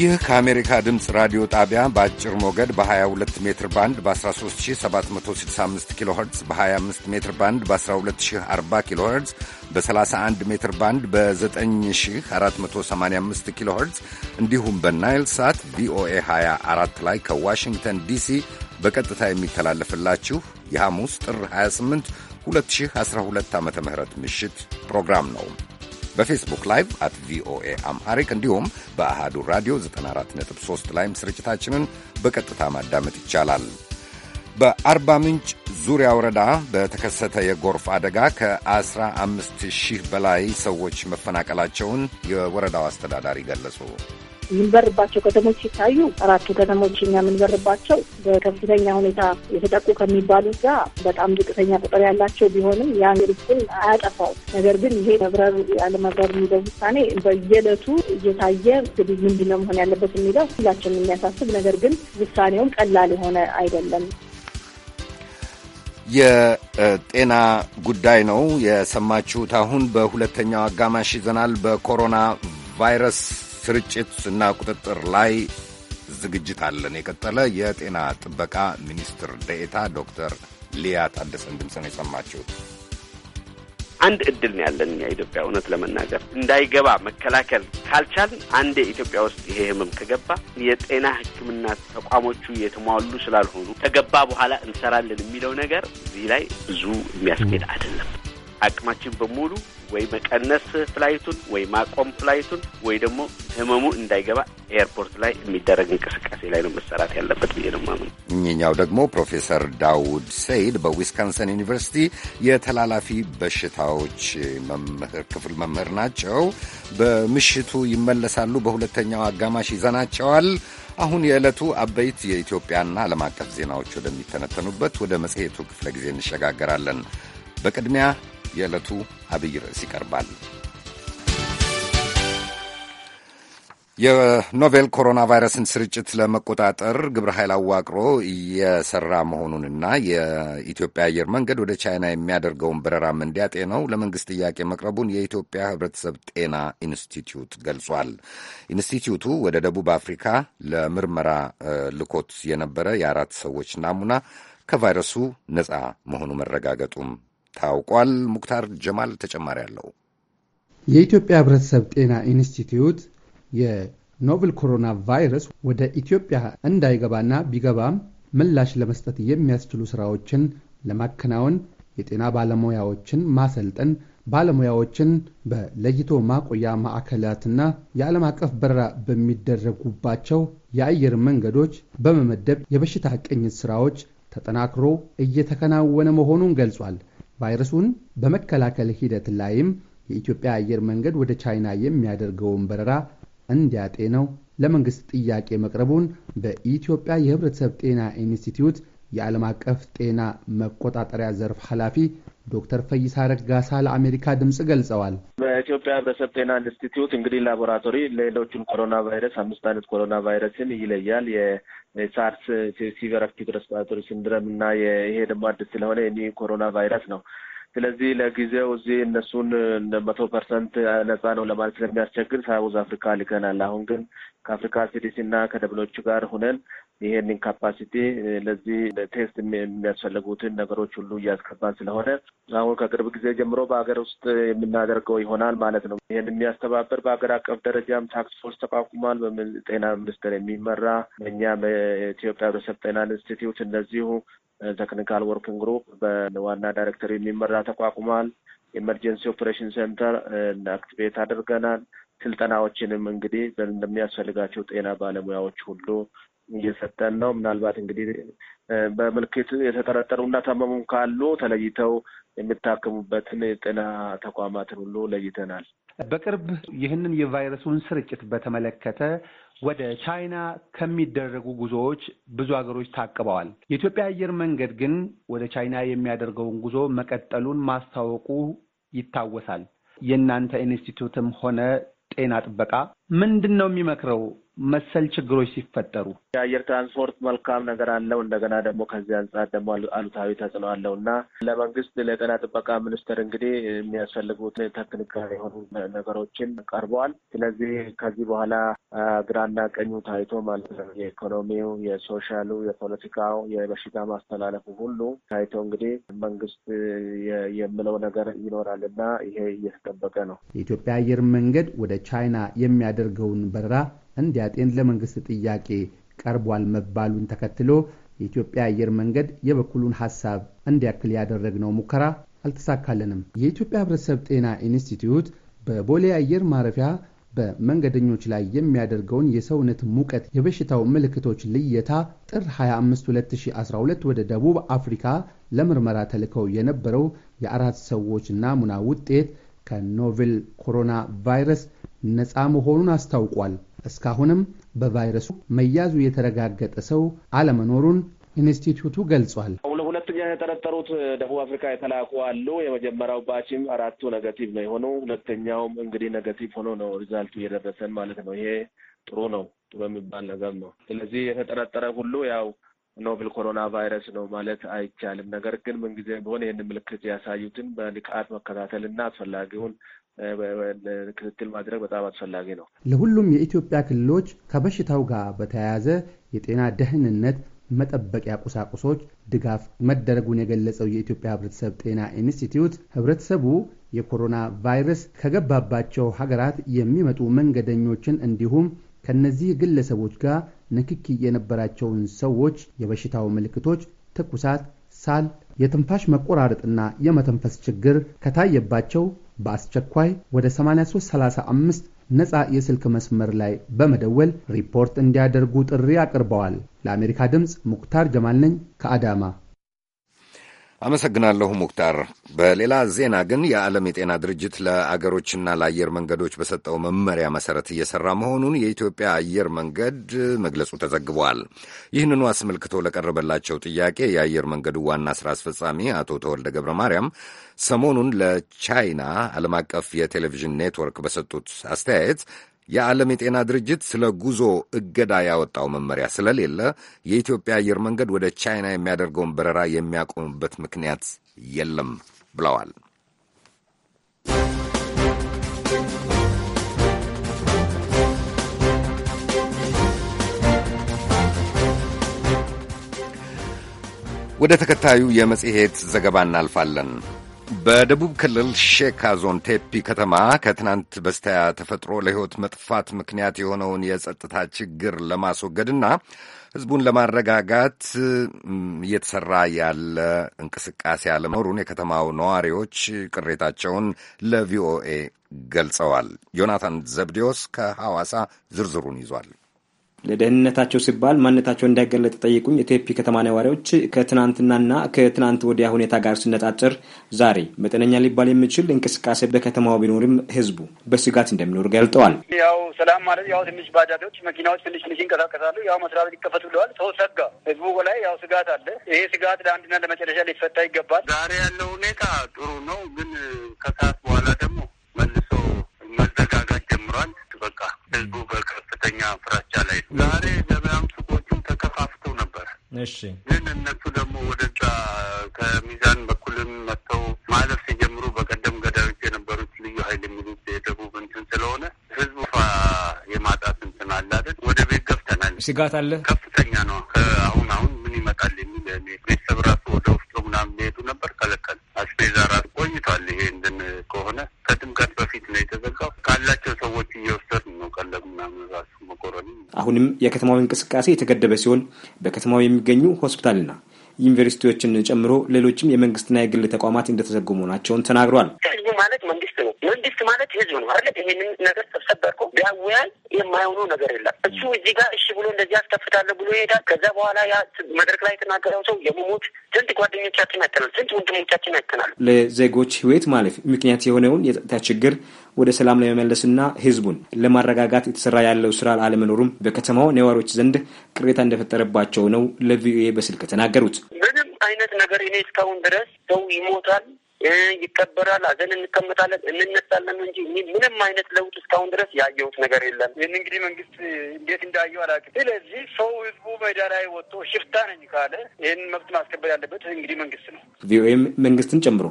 ይህ ከአሜሪካ ድምፅ ራዲዮ ጣቢያ በአጭር ሞገድ በ22 ሜትር ባንድ በ13765 ኪሎ ኸርትዝ በ25 ሜትር ባንድ በ1240 ኪሎ ኸርትዝ በ31 ሜትር ባንድ በ9485 ኪሎ ኸርትዝ እንዲሁም በናይል ሳት ቪኦኤ 24 ላይ ከዋሽንግተን ዲሲ በቀጥታ የሚተላለፍላችሁ የሐሙስ ጥር 28 2012 ዓ ም ምሽት ፕሮግራም ነው። በፌስቡክ ላይቭ አት ቪኦኤ አምሃሪክ እንዲሁም በአሃዱ ራዲዮ 94.3 ላይም ስርጭታችንን በቀጥታ ማዳመጥ ይቻላል። በአርባ ምንጭ ዙሪያ ወረዳ በተከሰተ የጎርፍ አደጋ ከ15 ሺህ በላይ ሰዎች መፈናቀላቸውን የወረዳው አስተዳዳሪ ገለጹ። የምንበርባቸው ከተሞች ሲታዩ አራቱ ከተሞች እኛ የምንበርባቸው በከፍተኛ ሁኔታ የተጠቁ ከሚባሉት ጋር በጣም ዝቅተኛ ቁጥር ያላቸው ቢሆንም የአንግሪክን አያጠፋው። ነገር ግን ይሄ መብረር ያለመብረር የሚለው ውሳኔ በየዕለቱ እየታየ እንግዲህ ምንድነው መሆን ያለበት የሚለው ሁላችን የሚያሳስብ ነገር ግን ውሳኔውም ቀላል የሆነ አይደለም። የጤና ጉዳይ ነው የሰማችሁት። አሁን በሁለተኛው አጋማሽ ይዘናል። በኮሮና ቫይረስ ስርጭት እና ቁጥጥር ላይ ዝግጅት አለን። የቀጠለ የጤና ጥበቃ ሚኒስትር ደኤታ ዶክተር ሊያ ታደሰን ድምፅ ነው የሰማችሁት። አንድ እድል ነው ያለን እኛ ኢትዮጵያ እውነት ለመናገር እንዳይገባ መከላከል ካልቻል፣ አንዴ ኢትዮጵያ ውስጥ ይሄ ህመም ከገባ የጤና ሕክምና ተቋሞቹ የተሟሉ ስላልሆኑ ከገባ በኋላ እንሰራለን የሚለው ነገር እዚህ ላይ ብዙ የሚያስኬድ አይደለም። አቅማችን በሙሉ ወይ መቀነስ ፍላይቱን ወይ ማቆም ፍላይቱን ወይ ደግሞ ህመሙ እንዳይገባ ኤርፖርት ላይ የሚደረግ እንቅስቃሴ ላይ ነው መሰራት ያለበት ብዬ ነው ማምነው። እኚኛው ደግሞ ፕሮፌሰር ዳውድ ሰይድ በዊስካንሰን ዩኒቨርሲቲ የተላላፊ በሽታዎች መምህር ክፍል መምህር ናቸው። በምሽቱ ይመለሳሉ። በሁለተኛው አጋማሽ ይዘናቸዋል። አሁን የዕለቱ አበይት የኢትዮጵያና ዓለም አቀፍ ዜናዎች ወደሚተነተኑበት ወደ መጽሔቱ ክፍለ ጊዜ እንሸጋገራለን። በቅድሚያ የዕለቱ አብይ ርዕስ ይቀርባል። የኖቬል ኮሮና ቫይረስን ስርጭት ለመቆጣጠር ግብረ ኃይል አዋቅሮ እየሰራ መሆኑንና የኢትዮጵያ አየር መንገድ ወደ ቻይና የሚያደርገውን በረራም እንዲያጤነው ለመንግስት ጥያቄ መቅረቡን የኢትዮጵያ ሕብረተሰብ ጤና ኢንስቲትዩት ገልጿል። ኢንስቲትዩቱ ወደ ደቡብ አፍሪካ ለምርመራ ልኮት የነበረ የአራት ሰዎች ናሙና ከቫይረሱ ነፃ መሆኑ መረጋገጡም ታውቋል። ሙክታር ጀማል ተጨማሪ አለው። የኢትዮጵያ ሕብረተሰብ ጤና ኢንስቲትዩት የኖቨል ኮሮና ቫይረስ ወደ ኢትዮጵያ እንዳይገባና ቢገባም ምላሽ ለመስጠት የሚያስችሉ ስራዎችን ለማከናወን የጤና ባለሙያዎችን ማሰልጠን፣ ባለሙያዎችን በለይቶ ማቆያ ማዕከላትና የዓለም አቀፍ በረራ በሚደረጉባቸው የአየር መንገዶች በመመደብ የበሽታ ቅኝት ስራዎች ተጠናክሮ እየተከናወነ መሆኑን ገልጿል። ቫይረሱን በመከላከል ሂደት ላይም የኢትዮጵያ አየር መንገድ ወደ ቻይና የሚያደርገውን በረራ እንዲያጤነው ለመንግሥት ጥያቄ መቅረቡን በኢትዮጵያ የሕብረተሰብ ጤና ኢንስቲትዩት የዓለም አቀፍ ጤና መቆጣጠሪያ ዘርፍ ኃላፊ ዶክተር ፈይሳ ረጋሳ ለአሜሪካ ድምፅ ገልጸዋል። በኢትዮጵያ ሕብረተሰብ ጤና ኢንስቲትዩት እንግዲህ ላቦራቶሪ ሌሎቹን ኮሮና ቫይረስ አምስት አይነት ኮሮና ቫይረስን ይለያል። የሳርስ ሲቨር አክቲቭ ረስፓራቶሪ ሲንድረም እና ይሄ ደግሞ አዲስ ስለሆነ የኒ ኮሮና ቫይረስ ነው። ስለዚህ ለጊዜው እዚህ እነሱን መቶ ፐርሰንት ነጻ ነው ለማለት ስለሚያስቸግር ሳውዝ አፍሪካ ልከናል። አሁን ግን ከአፍሪካ ሲዲሲ እና ከደብሎቹ ጋር ሁነን ይሄንን ካፓሲቲ ለዚህ ቴስት የሚያስፈልጉትን ነገሮች ሁሉ እያስገባን ስለሆነ አሁን ከቅርብ ጊዜ ጀምሮ በሀገር ውስጥ የምናደርገው ይሆናል ማለት ነው። ይህን የሚያስተባበር በሀገር አቀፍ ደረጃም ታክስ ፎርስ ተቋቁሟል። በጤና ሚኒስቴር የሚመራ እኛ በኢትዮጵያ ሕብረተሰብ ጤና ኢንስቲትዩት እንደዚሁ ቴክኒካል ወርኪንግ ግሩፕ በዋና ዳይሬክተር የሚመራ ተቋቁሟል። ኤመርጀንሲ ኦፕሬሽን ሴንተር አክቲቬት አድርገናል። ስልጠናዎችንም እንግዲህ እንደሚያስፈልጋቸው ጤና ባለሙያዎች ሁሉ እየሰጠን ነው። ምናልባት እንግዲህ በምልክቱ የተጠረጠሩ እና ታመሙ ካሉ ተለይተው የሚታከሙበትን የጤና ተቋማትን ሁሉ ለይተናል። በቅርብ ይህንን የቫይረሱን ስርጭት በተመለከተ ወደ ቻይና ከሚደረጉ ጉዞዎች ብዙ ሀገሮች ታቅበዋል። የኢትዮጵያ አየር መንገድ ግን ወደ ቻይና የሚያደርገውን ጉዞ መቀጠሉን ማስታወቁ ይታወሳል። የእናንተ ኢንስቲትዩትም ሆነ ጤና ጥበቃ ምንድን ነው የሚመክረው? መሰል ችግሮች ሲፈጠሩ የአየር ትራንስፖርት መልካም ነገር አለው። እንደገና ደግሞ ከዚህ አንጻር ደግሞ አሉታዊ ተጽዕኖ አለው እና ለመንግስት ለጤና ጥበቃ ሚኒስቴር እንግዲህ የሚያስፈልጉት ቴክኒካል የሆኑ ነገሮችን ቀርበዋል። ስለዚህ ከዚህ በኋላ ግራና ቀኙ ታይቶ ማለት ነው የኢኮኖሚው፣ የሶሻሉ፣ የፖለቲካው፣ የበሽታ ማስተላለፉ ሁሉ ታይቶ እንግዲህ መንግስት የሚለው ነገር ይኖራል እና ይሄ እየተጠበቀ ነው። የኢትዮጵያ አየር መንገድ ወደ ቻይና የሚያደ የሚያደርገውን በረራ እንዲያጤን ለመንግስት ጥያቄ ቀርቧል መባሉን ተከትሎ የኢትዮጵያ አየር መንገድ የበኩሉን ሐሳብ እንዲያክል ያደረግነው ሙከራ አልተሳካልንም። የኢትዮጵያ ሕብረተሰብ ጤና ኢንስቲትዩት በቦሌ አየር ማረፊያ በመንገደኞች ላይ የሚያደርገውን የሰውነት ሙቀት የበሽታው ምልክቶች ልየታ ጥር 25 2012 ወደ ደቡብ አፍሪካ ለምርመራ ተልከው የነበረው የአራት ሰዎች ናሙና ውጤት ከኖቬል ኮሮና ቫይረስ ነፃ መሆኑን አስታውቋል። እስካሁንም በቫይረሱ መያዙ የተረጋገጠ ሰው አለመኖሩን ኢንስቲትዩቱ ገልጿል። ሁለተኛ የተጠረጠሩት ደቡብ አፍሪካ የተላኩ አሉ። የመጀመሪያው ባችም አራቱ ነገቲቭ ነው የሆኑ፣ ሁለተኛውም እንግዲህ ነገቲቭ ሆኖ ነው ሪዛልቱ እየደረሰን ማለት ነው። ይሄ ጥሩ ነው፣ ጥሩ የሚባል ነገር ነው። ስለዚህ የተጠረጠረ ሁሉ ያው ኖብል ኮሮና ቫይረስ ነው ማለት አይቻልም። ነገር ግን ምንጊዜ ቢሆን ይህን ምልክት ያሳዩትን በንቃት መከታተል እና አስፈላጊውን ክትትል ማድረግ በጣም አስፈላጊ ነው። ለሁሉም የኢትዮጵያ ክልሎች ከበሽታው ጋር በተያያዘ የጤና ደህንነት መጠበቂያ ቁሳቁሶች ድጋፍ መደረጉን የገለጸው የኢትዮጵያ ሕብረተሰብ ጤና ኢንስቲትዩት ሕብረተሰቡ የኮሮና ቫይረስ ከገባባቸው ሀገራት የሚመጡ መንገደኞችን እንዲሁም ከነዚህ ግለሰቦች ጋር ንክኪ የነበራቸውን ሰዎች የበሽታው ምልክቶች ትኩሳት፣ ሳል፣ የትንፋሽ መቆራረጥና የመተንፈስ ችግር ከታየባቸው በአስቸኳይ ወደ 8335 ነፃ የስልክ መስመር ላይ በመደወል ሪፖርት እንዲያደርጉ ጥሪ አቅርበዋል። ለአሜሪካ ድምፅ ሙክታር ጀማል ነኝ ከአዳማ አመሰግናለሁ ሙክታር። በሌላ ዜና ግን የዓለም የጤና ድርጅት ለአገሮችና ለአየር መንገዶች በሰጠው መመሪያ መሰረት እየሰራ መሆኑን የኢትዮጵያ አየር መንገድ መግለጹ ተዘግቧል። ይህንኑ አስመልክቶ ለቀረበላቸው ጥያቄ የአየር መንገዱ ዋና ስራ አስፈጻሚ አቶ ተወልደ ገብረ ማርያም ሰሞኑን ለቻይና ዓለም አቀፍ የቴሌቪዥን ኔትወርክ በሰጡት አስተያየት የዓለም የጤና ድርጅት ስለ ጉዞ እገዳ ያወጣው መመሪያ ስለሌለ የኢትዮጵያ አየር መንገድ ወደ ቻይና የሚያደርገውን በረራ የሚያቆምበት ምክንያት የለም ብለዋል። ወደ ተከታዩ የመጽሔት ዘገባ እናልፋለን። በደቡብ ክልል ሼካ ዞን ቴፒ ከተማ ከትናንት በስቲያ ተፈጥሮ ለሕይወት መጥፋት ምክንያት የሆነውን የጸጥታ ችግር ለማስወገድና ሕዝቡን ለማረጋጋት እየተሰራ ያለ እንቅስቃሴ አለመኖሩን የከተማው ነዋሪዎች ቅሬታቸውን ለቪኦኤ ገልጸዋል። ዮናታን ዘብዴዎስ ከሐዋሳ ዝርዝሩን ይዟል። ለደህንነታቸው ሲባል ማንነታቸው እንዳይገለጥ ጠይቁኝ የቴፒ ከተማ ነዋሪዎች ከትናንትናና ከትናንት ወዲያ ሁኔታ ጋር ሲነጻጸር ዛሬ መጠነኛ ሊባል የሚችል እንቅስቃሴ በከተማው ቢኖርም ህዝቡ በስጋት እንደሚኖር ገልጠዋል። ያው ሰላም ማለት ያው ትንሽ ባጃጆች፣ መኪናዎች ትንሽ ትንሽ ይንቀሳቀሳሉ። ያው መስሪያ ቤት ይከፈቱ ብለዋል። ሰው ሰጋ፣ ህዝቡ ላይ ያው ስጋት አለ። ይሄ ስጋት ለአንድና ለመጨረሻ ሊፈታ ይገባል። ዛሬ ያለው ሁኔታ ጥሩ ነው፣ ግን ከሰዓት በኋላ ደግሞ መልሶ መዘጋጋት ጀምሯል። በቃ ህዝቡ በከፍተኛ ፍራቻ ላይ ዛሬ ገበያም ሱቆቹ ተከፋፍተው ነበር። እሺ ግን እነሱ ደግሞ ወደዛ ከሚዛን በኩልም መጥተው ማለፍ ሲጀምሩ በቀደም ገዳዮች የነበሩት ልዩ ኃይል የሚሉት የደቡብ እንትን ስለሆነ ህዝቡ የማጣት እንትን አለ አይደል? ወደ ቤት ገፍተናል። ስጋት አለ ከፍተኛ ነው። የከተማው እንቅስቃሴ የተገደበ ሲሆን በከተማው የሚገኙ ሆስፒታልና ዩኒቨርሲቲዎችን ጨምሮ ሌሎችም የመንግስትና የግል ተቋማት እንደተዘጉ መሆናቸውን ተናግሯል። ህዝቡ ማለት መንግስት ነው፣ መንግስት ማለት ህዝብ ነው አለ። ይህንን ነገር ሰብሰብ አድርጎ የማይሆኑ ነገር የለም። እሱ እዚህ ጋር እሺ ብሎ እንደዚህ አስከፍታለሁ ብሎ ይሄዳል። ከዛ በኋላ ያ መድረክ ላይ የተናገረው ሰው የመሞት ስንት ጓደኞቻችን ያተናል፣ ስንት ወንድሞቻችን ያተናል። ለዜጎች ህይወት ማለፍ ምክንያት የሆነውን የጸጥታ ችግር ወደ ሰላም ለመመለስና ህዝቡን ለማረጋጋት የተሰራ ያለው ስራ አለመኖሩም በከተማው ነዋሪዎች ዘንድ ቅሬታ እንደፈጠረባቸው ነው ለቪኦኤ በስልክ ተናገሩት። ምንም አይነት ነገር እኔ እስካሁን ድረስ ሰው ይሞታል ይከበራል፣ አዘን እንቀመጣለን፣ እንነሳለን እንጂ ምንም አይነት ለውጥ እስካሁን ድረስ ያየሁት ነገር የለም። ይህን እንግዲህ መንግስት እንዴት እንዳየው አላውቅም። ስለዚህ ሰው ህዝቡ ሜዳ ላይ ወጥቶ ሽፍታ ነኝ ካለ ይህን መብት ማስከበር ያለበት እንግዲህ መንግስት ነው። ቪኦኤም መንግስትን ጨምሮ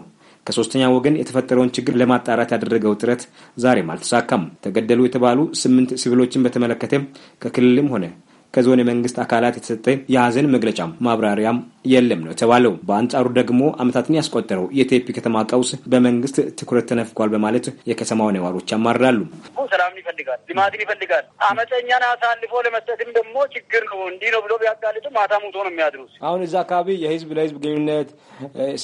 ከሶስተኛ ወገን የተፈጠረውን ችግር ለማጣራት ያደረገው ጥረት ዛሬም አልተሳካም። ተገደሉ የተባሉ ስምንት ሲቪሎችን በተመለከተ ከክልልም ሆነ ከዞን የመንግስት አካላት የተሰጠ የሀዘን መግለጫም ማብራሪያም የለም ነው የተባለው። በአንጻሩ ደግሞ አመታትን ያስቆጠረው የቴፒ ከተማ ቀውስ በመንግስት ትኩረት ተነፍጓል በማለት የከተማው ነዋሪዎች ያማራሉ። ሰላምን ይፈልጋል፣ ልማትን ይፈልጋል። አመፀኛን አሳልፎ ለመስጠትም ደግሞ ችግር ነው። እንዲህ ነው ብሎ ቢያጋልጡ ማታ ሙቶ ነው የሚያድሩት። አሁን እዛ አካባቢ የህዝብ ለህዝብ ግንኙነት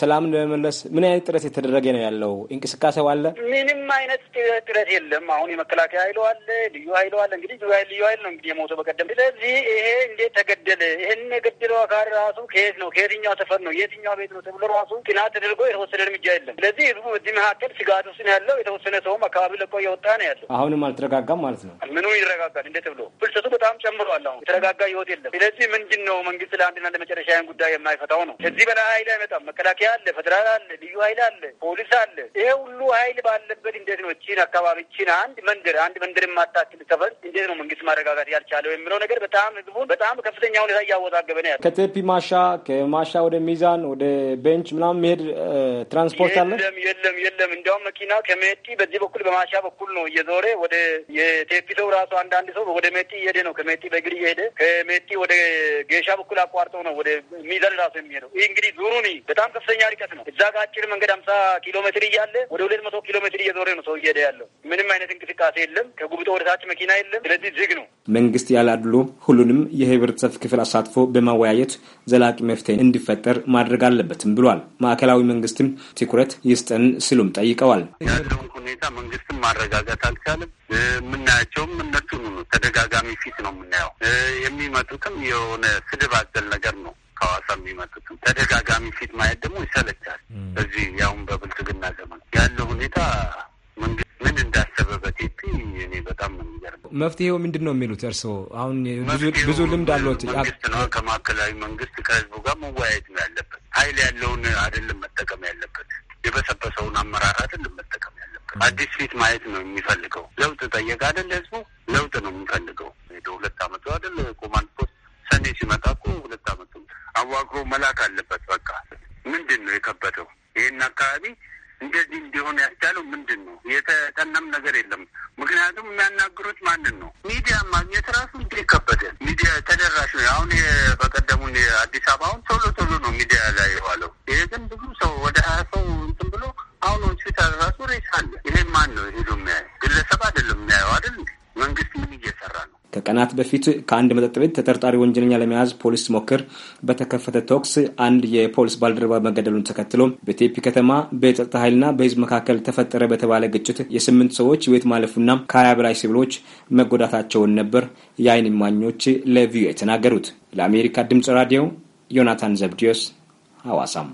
ሰላምን ለመመለስ ምን አይነት ጥረት የተደረገ ነው ያለው? እንቅስቃሴው አለ? ምንም አይነት ጥረት የለም። አሁን የመከላከያ ኃይሉ አለ፣ ልዩ ኃይሉ አለ። እንግዲህ ልዩ ኃይል ነው እንግዲህ የሞተው በቀደም። ስለዚህ ይሄ እንዴት ተገደለ? ይህን የገደለው አካል ራሱ ከየት ነው ነው ከየትኛው ሰፈር ነው የትኛው ቤት ነው ተብሎ ራሱ ጥናት ተደርጎ የተወሰደ እርምጃ የለም። ስለዚህ ህዝቡ በዚህ መካከል ስጋት ውስጥ ያለው። የተወሰነ ሰውም አካባቢ ለቆ እየወጣ ነው ያለው። አሁንም አልተረጋጋም ማለት ነው። ምኑ ይረጋጋል እንዴ ተብሎ ፍልሰቱ በጣም ጨምሯል። አሁን የተረጋጋ ህይወት የለም። ስለዚህ ምንድን ነው መንግስት ለአንድና ለመጨረሻ ጉዳይ የማይፈታው ነው። ከዚህ በላይ ሀይል አይመጣም። መከላከያ አለ፣ ፌደራል አለ፣ ልዩ ሀይል አለ፣ ፖሊስ አለ። ይሄ ሁሉ ሀይል ባለበት እንዴት ነው ቺን አካባቢ ቺን አንድ መንደር አንድ መንደር የማታክል ሰፈር እንዴት ነው መንግስት ማረጋጋት ያልቻለው የሚለው ነገር በጣም ህዝቡን በጣም ከፍተኛ ሁኔታ እያወዛገበ ነው ያለ ከቴፒ ማሻ ከማሻ ወደ ሚዛን ወደ ቤንች ምናምን መሄድ ትራንስፖርት አለ? የለም የለም የለም። እንዲያውም መኪና ከሜቲ በዚህ በኩል በማሻ በኩል ነው እየዞረ ወደ የቴፒ ሰው ራሱ አንዳንድ ሰው ወደ ሜቲ እየሄደ ነው። ከሜቲ በእግር እየሄደ ከሜቲ ወደ ጌሻ በኩል አቋርጠው ነው ወደ ሚዛን ራሱ የሚሄደው። ይህ እንግዲህ ዙሩኒ በጣም ከፍተኛ ርቀት ነው። እዛ ጋር አጭር መንገድ አምሳ ኪሎ ሜትር እያለ ወደ ሁለት መቶ ኪሎ ሜትር እየዞረ ነው ሰው እየሄደ ያለው። ምንም አይነት እንቅስቃሴ የለም። ከጉብጦ ወደ ታች መኪና የለም። ስለዚህ ዝግ ነው። መንግስት ያለ አድሎ ሁሉንም የህብረተሰብ ክፍል አሳትፎ በማወያየት ዘላቂ መፍት መፍትሄ እንዲፈጠር ማድረግ አለበትም ብሏል። ማዕከላዊ መንግስትም ትኩረት ይስጠን ሲሉም ጠይቀዋል። ያለውን ሁኔታ መንግስትም ማረጋጋት አልቻለም። የምናያቸውም እነሱን ተደጋጋሚ ፊት ነው የምናየው። የሚመጡትም የሆነ ስድብ አዘል ነገር ነው ከሐዋሳ የሚመጡትም ተደጋጋሚ ፊት ማየት ደግሞ ይሰለቻል። በዚህ ያሁን በብልጽግና ዘመን ያለው ሁኔታ መንግስት ምን እንዳ ቲፒ እኔ በጣም ነው የሚገርመው። መፍትሄው ምንድን ነው የሚሉት እርስዎ? አሁን ብዙ ልምድ አለት መንግስት ነው ከማዕከላዊ መንግስት ከህዝቡ ጋር መወያየት ነው ያለበት። ሀይል ያለውን አይደለም መጠቀም ያለበት፣ የበሰበሰውን አመራር አይደለም መጠቀም ያለበት። አዲስ ፊት ማየት ነው የሚፈልገው። ለውጥ ጠየቀ አይደል ህዝቡ፣ ለውጥ ነው የሚፈልገው። ሄደ ሁለት አመቱ አይደል ኮማንድ ፖስት ሰኔ ሲመጣ እኮ ሁለት አመቱ አዋቅሮ መላክ አለበት። በቃ ምንድን ነው የከበደው? ይህን አካባቢ እንደዚህ እንዲሆን ያስቻለው ምንድን የተጠናም ነገር የለም። ምክንያቱም የሚያናግሩት ማንን ነው? ሚዲያ ማግኘት ራሱ እንደ ከበደ ሚዲያ ተደራሽ ነው። አሁን በቀደሙን አዲስ አበባውን በፊት ከአንድ መጠጥ ቤት ተጠርጣሪ ወንጀለኛ ለመያዝ ፖሊስ ሞክር በተከፈተ ተኩስ አንድ የፖሊስ ባልደረባ መገደሉን ተከትሎ በቴፒ ከተማ በጸጥታ ኃይልና በህዝብ መካከል ተፈጠረ በተባለ ግጭት የስምንት ሰዎች ህይወት ማለፉና ከሀያ በላይ ሲቪሎች መጎዳታቸውን ነበር የአይን ማኞች ለቪኦኤ የተናገሩት። ለአሜሪካ ድምጽ ራዲዮ ዮናታን ዘብዲዮስ ሐዋሳም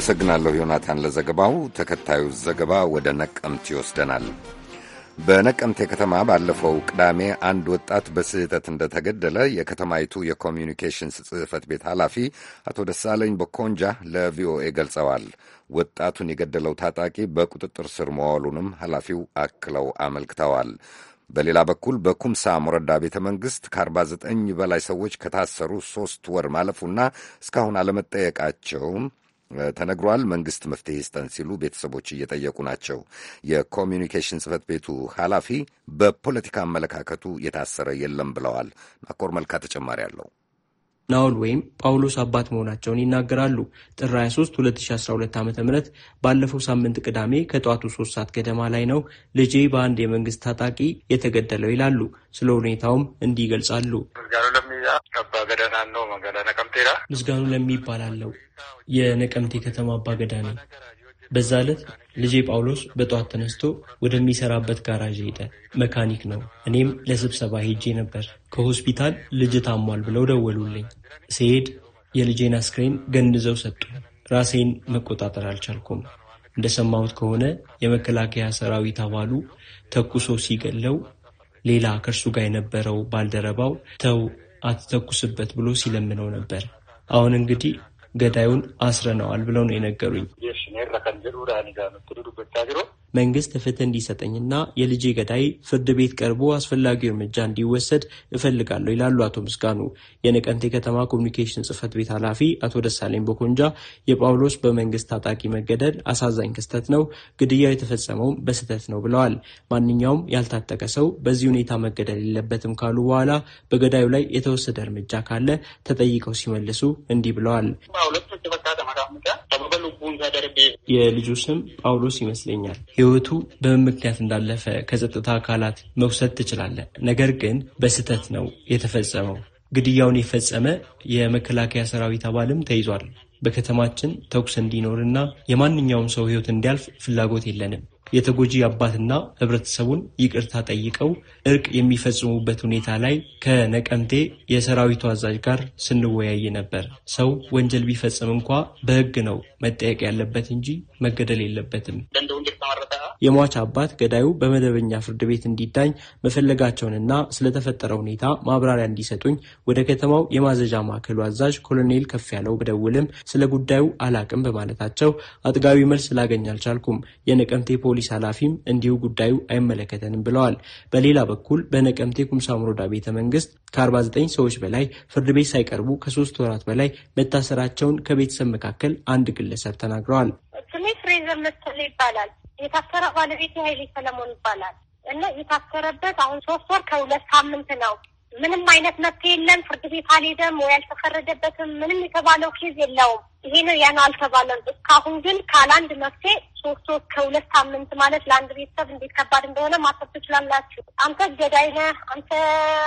አመሰግናለሁ ዮናታን ለዘገባው። ተከታዩ ዘገባ ወደ ነቀምት ይወስደናል። በነቀምቴ ከተማ ባለፈው ቅዳሜ አንድ ወጣት በስህተት እንደተገደለ የከተማይቱ የኮሚዩኒኬሽንስ ጽህፈት ቤት ኃላፊ አቶ ደሳለኝ በኮንጃ ለቪኦኤ ገልጸዋል። ወጣቱን የገደለው ታጣቂ በቁጥጥር ስር መዋሉንም ኃላፊው አክለው አመልክተዋል። በሌላ በኩል በኩምሳ ሞረዳ ቤተ መንግሥት ከ49 በላይ ሰዎች ከታሰሩ ሦስት ወር ማለፉና እስካሁን አለመጠየቃቸውም ተነግሯል። መንግስት መፍትሄ ይስጠን ሲሉ ቤተሰቦች እየጠየቁ ናቸው። የኮሚኒኬሽን ጽህፈት ቤቱ ኃላፊ በፖለቲካ አመለካከቱ የታሰረ የለም ብለዋል። ናኮር መልካ ተጨማሪ አለው። ናውል ወይም ጳውሎስ አባት መሆናቸውን ይናገራሉ። ጥር 23 2012 ዓ ም ባለፈው ሳምንት ቅዳሜ ከጠዋቱ ሶስት ሰዓት ገደማ ላይ ነው ልጄ በአንድ የመንግስት ታጣቂ የተገደለው ይላሉ። ስለ ሁኔታውም እንዲህ ይገልጻሉ። ምስጋኑ ለሚ የነቀምቴ ከተማ አባገዳ ነው። በዛ ዕለት ልጄ ጳውሎስ በጠዋት ተነስቶ ወደሚሰራበት ጋራዥ ሄደ። መካኒክ ነው። እኔም ለስብሰባ ሄጄ ነበር። ከሆስፒታል ልጅ ታሟል ብለው ደወሉልኝ። ስሄድ የልጄን አስክሬን ገንዘው ሰጡ። ራሴን መቆጣጠር አልቻልኩም። እንደሰማሁት ከሆነ የመከላከያ ሰራዊት አባሉ ተኩሶ ሲገለው፣ ሌላ ከእርሱ ጋር የነበረው ባልደረባው ተው አትተኩስበት ብሎ ሲለምነው ነበር። አሁን እንግዲህ ገዳዩን አስረነዋል ብለው ነው የነገሩኝ። መንግስት ፍትህ እንዲሰጠኝና የልጄ ገዳይ ፍርድ ቤት ቀርቦ አስፈላጊው እርምጃ እንዲወሰድ እፈልጋለሁ ይላሉ አቶ ምስጋኑ። የነቀምቴ ከተማ ኮሚኒኬሽን ጽህፈት ቤት ኃላፊ አቶ ደሳለኝ በኮንጃ የጳውሎስ በመንግስት ታጣቂ መገደል አሳዛኝ ክስተት ነው፣ ግድያው የተፈጸመውም በስህተት ነው ብለዋል። ማንኛውም ያልታጠቀ ሰው በዚህ ሁኔታ መገደል የለበትም ካሉ በኋላ በገዳዩ ላይ የተወሰደ እርምጃ ካለ ተጠይቀው ሲመልሱ እንዲህ ብለዋል። ሁለት በቃ የልጁ ስም ጳውሎስ ይመስለኛል። ህይወቱ በምን ምክንያት እንዳለፈ ከጸጥታ አካላት መውሰድ ትችላለህ። ነገር ግን በስህተት ነው የተፈጸመው። ግድያውን የፈጸመ የመከላከያ ሰራዊት አባልም ተይዟል። በከተማችን ተኩስ እንዲኖርና የማንኛውም ሰው ህይወት እንዲያልፍ ፍላጎት የለንም። የተጎጂ አባትና ህብረተሰቡን ይቅርታ ጠይቀው እርቅ የሚፈጽሙበት ሁኔታ ላይ ከነቀምቴ የሰራዊቱ አዛዥ ጋር ስንወያይ ነበር። ሰው ወንጀል ቢፈጽም እንኳ በህግ ነው መጠየቅ ያለበት እንጂ መገደል የለበትም። የሟች አባት ገዳዩ በመደበኛ ፍርድ ቤት እንዲዳኝ መፈለጋቸውንና ስለተፈጠረ ሁኔታ ማብራሪያ እንዲሰጡኝ ወደ ከተማው የማዘዣ ማዕከሉ አዛዥ ኮሎኔል ከፍ ያለው በደውልም ስለ ጉዳዩ አላቅም በማለታቸው አጥጋቢ መልስ ላገኝ አልቻልኩም። የነቀምቴ ፖሊስ ፖሊስ ኃላፊም እንዲሁ ጉዳዩ አይመለከተንም ብለዋል። በሌላ በኩል በነቀምቴ ኩምሳ ሞሮዳ ቤተ መንግስት ከ49 ሰዎች በላይ ፍርድ ቤት ሳይቀርቡ ከሶስት ወራት በላይ መታሰራቸውን ከቤተሰብ መካከል አንድ ግለሰብ ተናግረዋል። ስሜ ፍሬዘር መሰለ ይባላል። የታሰረ ባለቤት ኃይሌ ሰለሞን ይባላል እና የታሰረበት አሁን ሶስት ወር ከሁለት ሳምንት ነው። ምንም አይነት መፍትሄ የለም። ፍርድ ቤት አልሄደም ወይ አልተፈረደበትም። ምንም የተባለው ኬዝ የለውም። ይሄ ነው ያ ነው አልተባለም። እስካሁን ግን ካላንድ መፍትሄ ሶስት ሶስት ከሁለት ሳምንት ማለት ለአንድ ቤተሰብ እንዴት ከባድ እንደሆነ ማሰብ ትችላላችሁ። አንተ ገዳይ ነህ፣ አንተ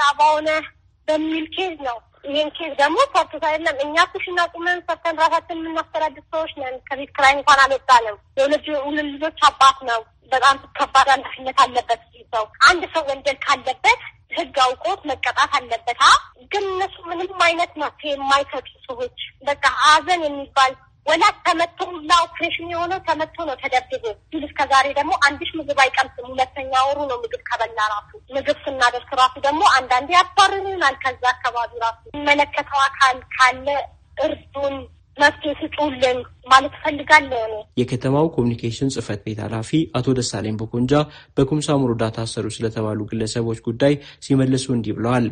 አባው ነህ በሚል ኬዝ ነው። ይህን ኬዝ ደግሞ ሰርቶት አይደለም። እኛ ኩሽና ቁመን ሰርተን ራሳችን የምናስተዳድር ሰዎች ነን። ከቤት ክራይ እንኳን አልወጣንም። የሁለት ልጆች አባት ነው። በጣም ከባድ ኃላፊነት አለበት ሰው። አንድ ሰው ወንጀል ካለበት ህግ አውቆት መቀጣት አለበት። ግን እነሱ ምንም አይነት መፍትሄ የማይሰጡ ሰዎች በቃ ሀዘን የሚባል ወላጅ ተመቶ ሁላ ኦፕሬሽን የሆነው ተመቶ ነው ተደብድቦ ሲል እስከ ዛሬ ደግሞ አንድሽ ምግብ አይቀምስም። ሁለተኛ ወሩ ነው ምግብ ከበላ ራሱ ምግብ ስናደርስ ራሱ ደግሞ አንዳንዴ ያባርሩናል። ከዛ አካባቢ ራሱ የሚመለከተው አካል ካለ እርዱን መፍትሄ ስጡልን ማለት እፈልጋለሁ። እኔ የከተማው ኮሚኒኬሽን ጽህፈት ቤት ኃላፊ አቶ ደሳለኝ በኮንጃ በኩምሳ ሙሮዳ ታሰሩ ስለተባሉ ግለሰቦች ጉዳይ ሲመልሱ እንዲህ ብለዋል።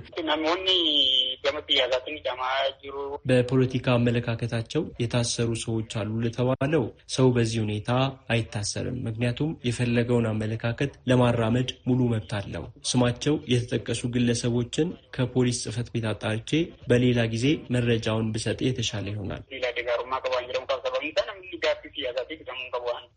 በፖለቲካ አመለካከታቸው የታሰሩ ሰዎች አሉ ለተባለው ሰው በዚህ ሁኔታ አይታሰርም። ምክንያቱም የፈለገውን አመለካከት ለማራመድ ሙሉ መብት አለው። ስማቸው የተጠቀሱ ግለሰቦችን ከፖሊስ ጽሕፈት ቤት አጣርቼ በሌላ ጊዜ መረጃውን ብሰጥ የተሻለ ይሆናል።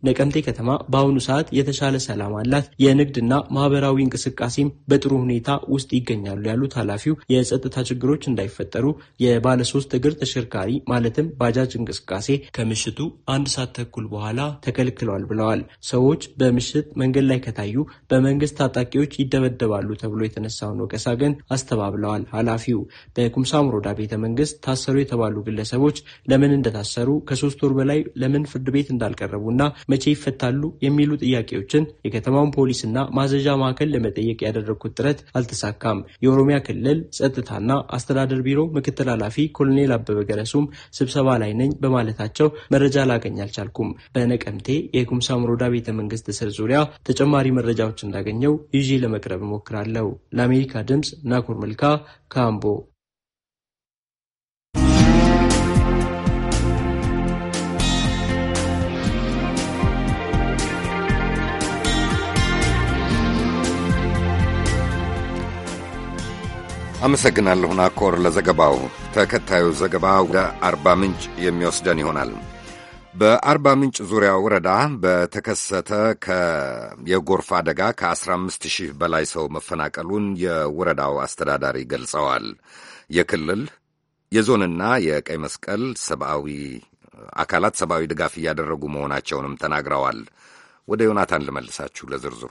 ነቀምቴ ከተማ በአሁኑ ሰዓት የተሻለ ሰላም አላት። የንግድና ማህበራዊ እንቅስቃሴም በጥሩ ሁኔታ ውስጥ ይገኛሉ ያሉት ኃላፊው የጸጥታ ችግሮች ችግሮች እንዳይፈጠሩ የባለሶስት እግር ተሽከርካሪ ማለትም ባጃጅ እንቅስቃሴ ከምሽቱ አንድ ሰዓት ተኩል በኋላ ተከልክሏል ብለዋል። ሰዎች በምሽት መንገድ ላይ ከታዩ በመንግስት ታጣቂዎች ይደበደባሉ ተብሎ የተነሳውን ወቀሳ ግን አስተባብለዋል። ኃላፊው በኩምሳም ሮዳ ቤተ መንግስት ታሰሩ የተባሉ ግለሰቦች ለምን እንደታሰሩ ከሶስት ወር በላይ ለምን ፍርድ ቤት እንዳልቀረቡና መቼ ይፈታሉ የሚሉ ጥያቄዎችን የከተማውን ፖሊስና ማዘዣ ማዕከል ለመጠየቅ ያደረግኩት ጥረት አልተሳካም። የኦሮሚያ ክልል ጸጥታና አስተዳደር ቢሮ ምክትል ኃላፊ ኮሎኔል አበበ ገረሱም ስብሰባ ላይ ነኝ በማለታቸው መረጃ ላገኝ አልቻልኩም። በነቀምቴ የጉምሳ ሞሮዳ ቤተ መንግስት ስር ዙሪያ ተጨማሪ መረጃዎች እንዳገኘው ይዤ ለመቅረብ እሞክራለሁ። ለአሜሪካ ድምፅ ናኮር መልካ ካምቦ አመሰግናለሁ ናኮር ለዘገባው። ተከታዩ ዘገባ ወደ አርባ ምንጭ የሚወስደን ይሆናል። በአርባ ምንጭ ዙሪያ ወረዳ በተከሰተ የጎርፍ አደጋ ከ15 ሺህ በላይ ሰው መፈናቀሉን የወረዳው አስተዳዳሪ ገልጸዋል። የክልል የዞንና የቀይ መስቀል ሰብአዊ አካላት ሰብአዊ ድጋፍ እያደረጉ መሆናቸውንም ተናግረዋል። ወደ ዮናታን ልመልሳችሁ ለዝርዝሩ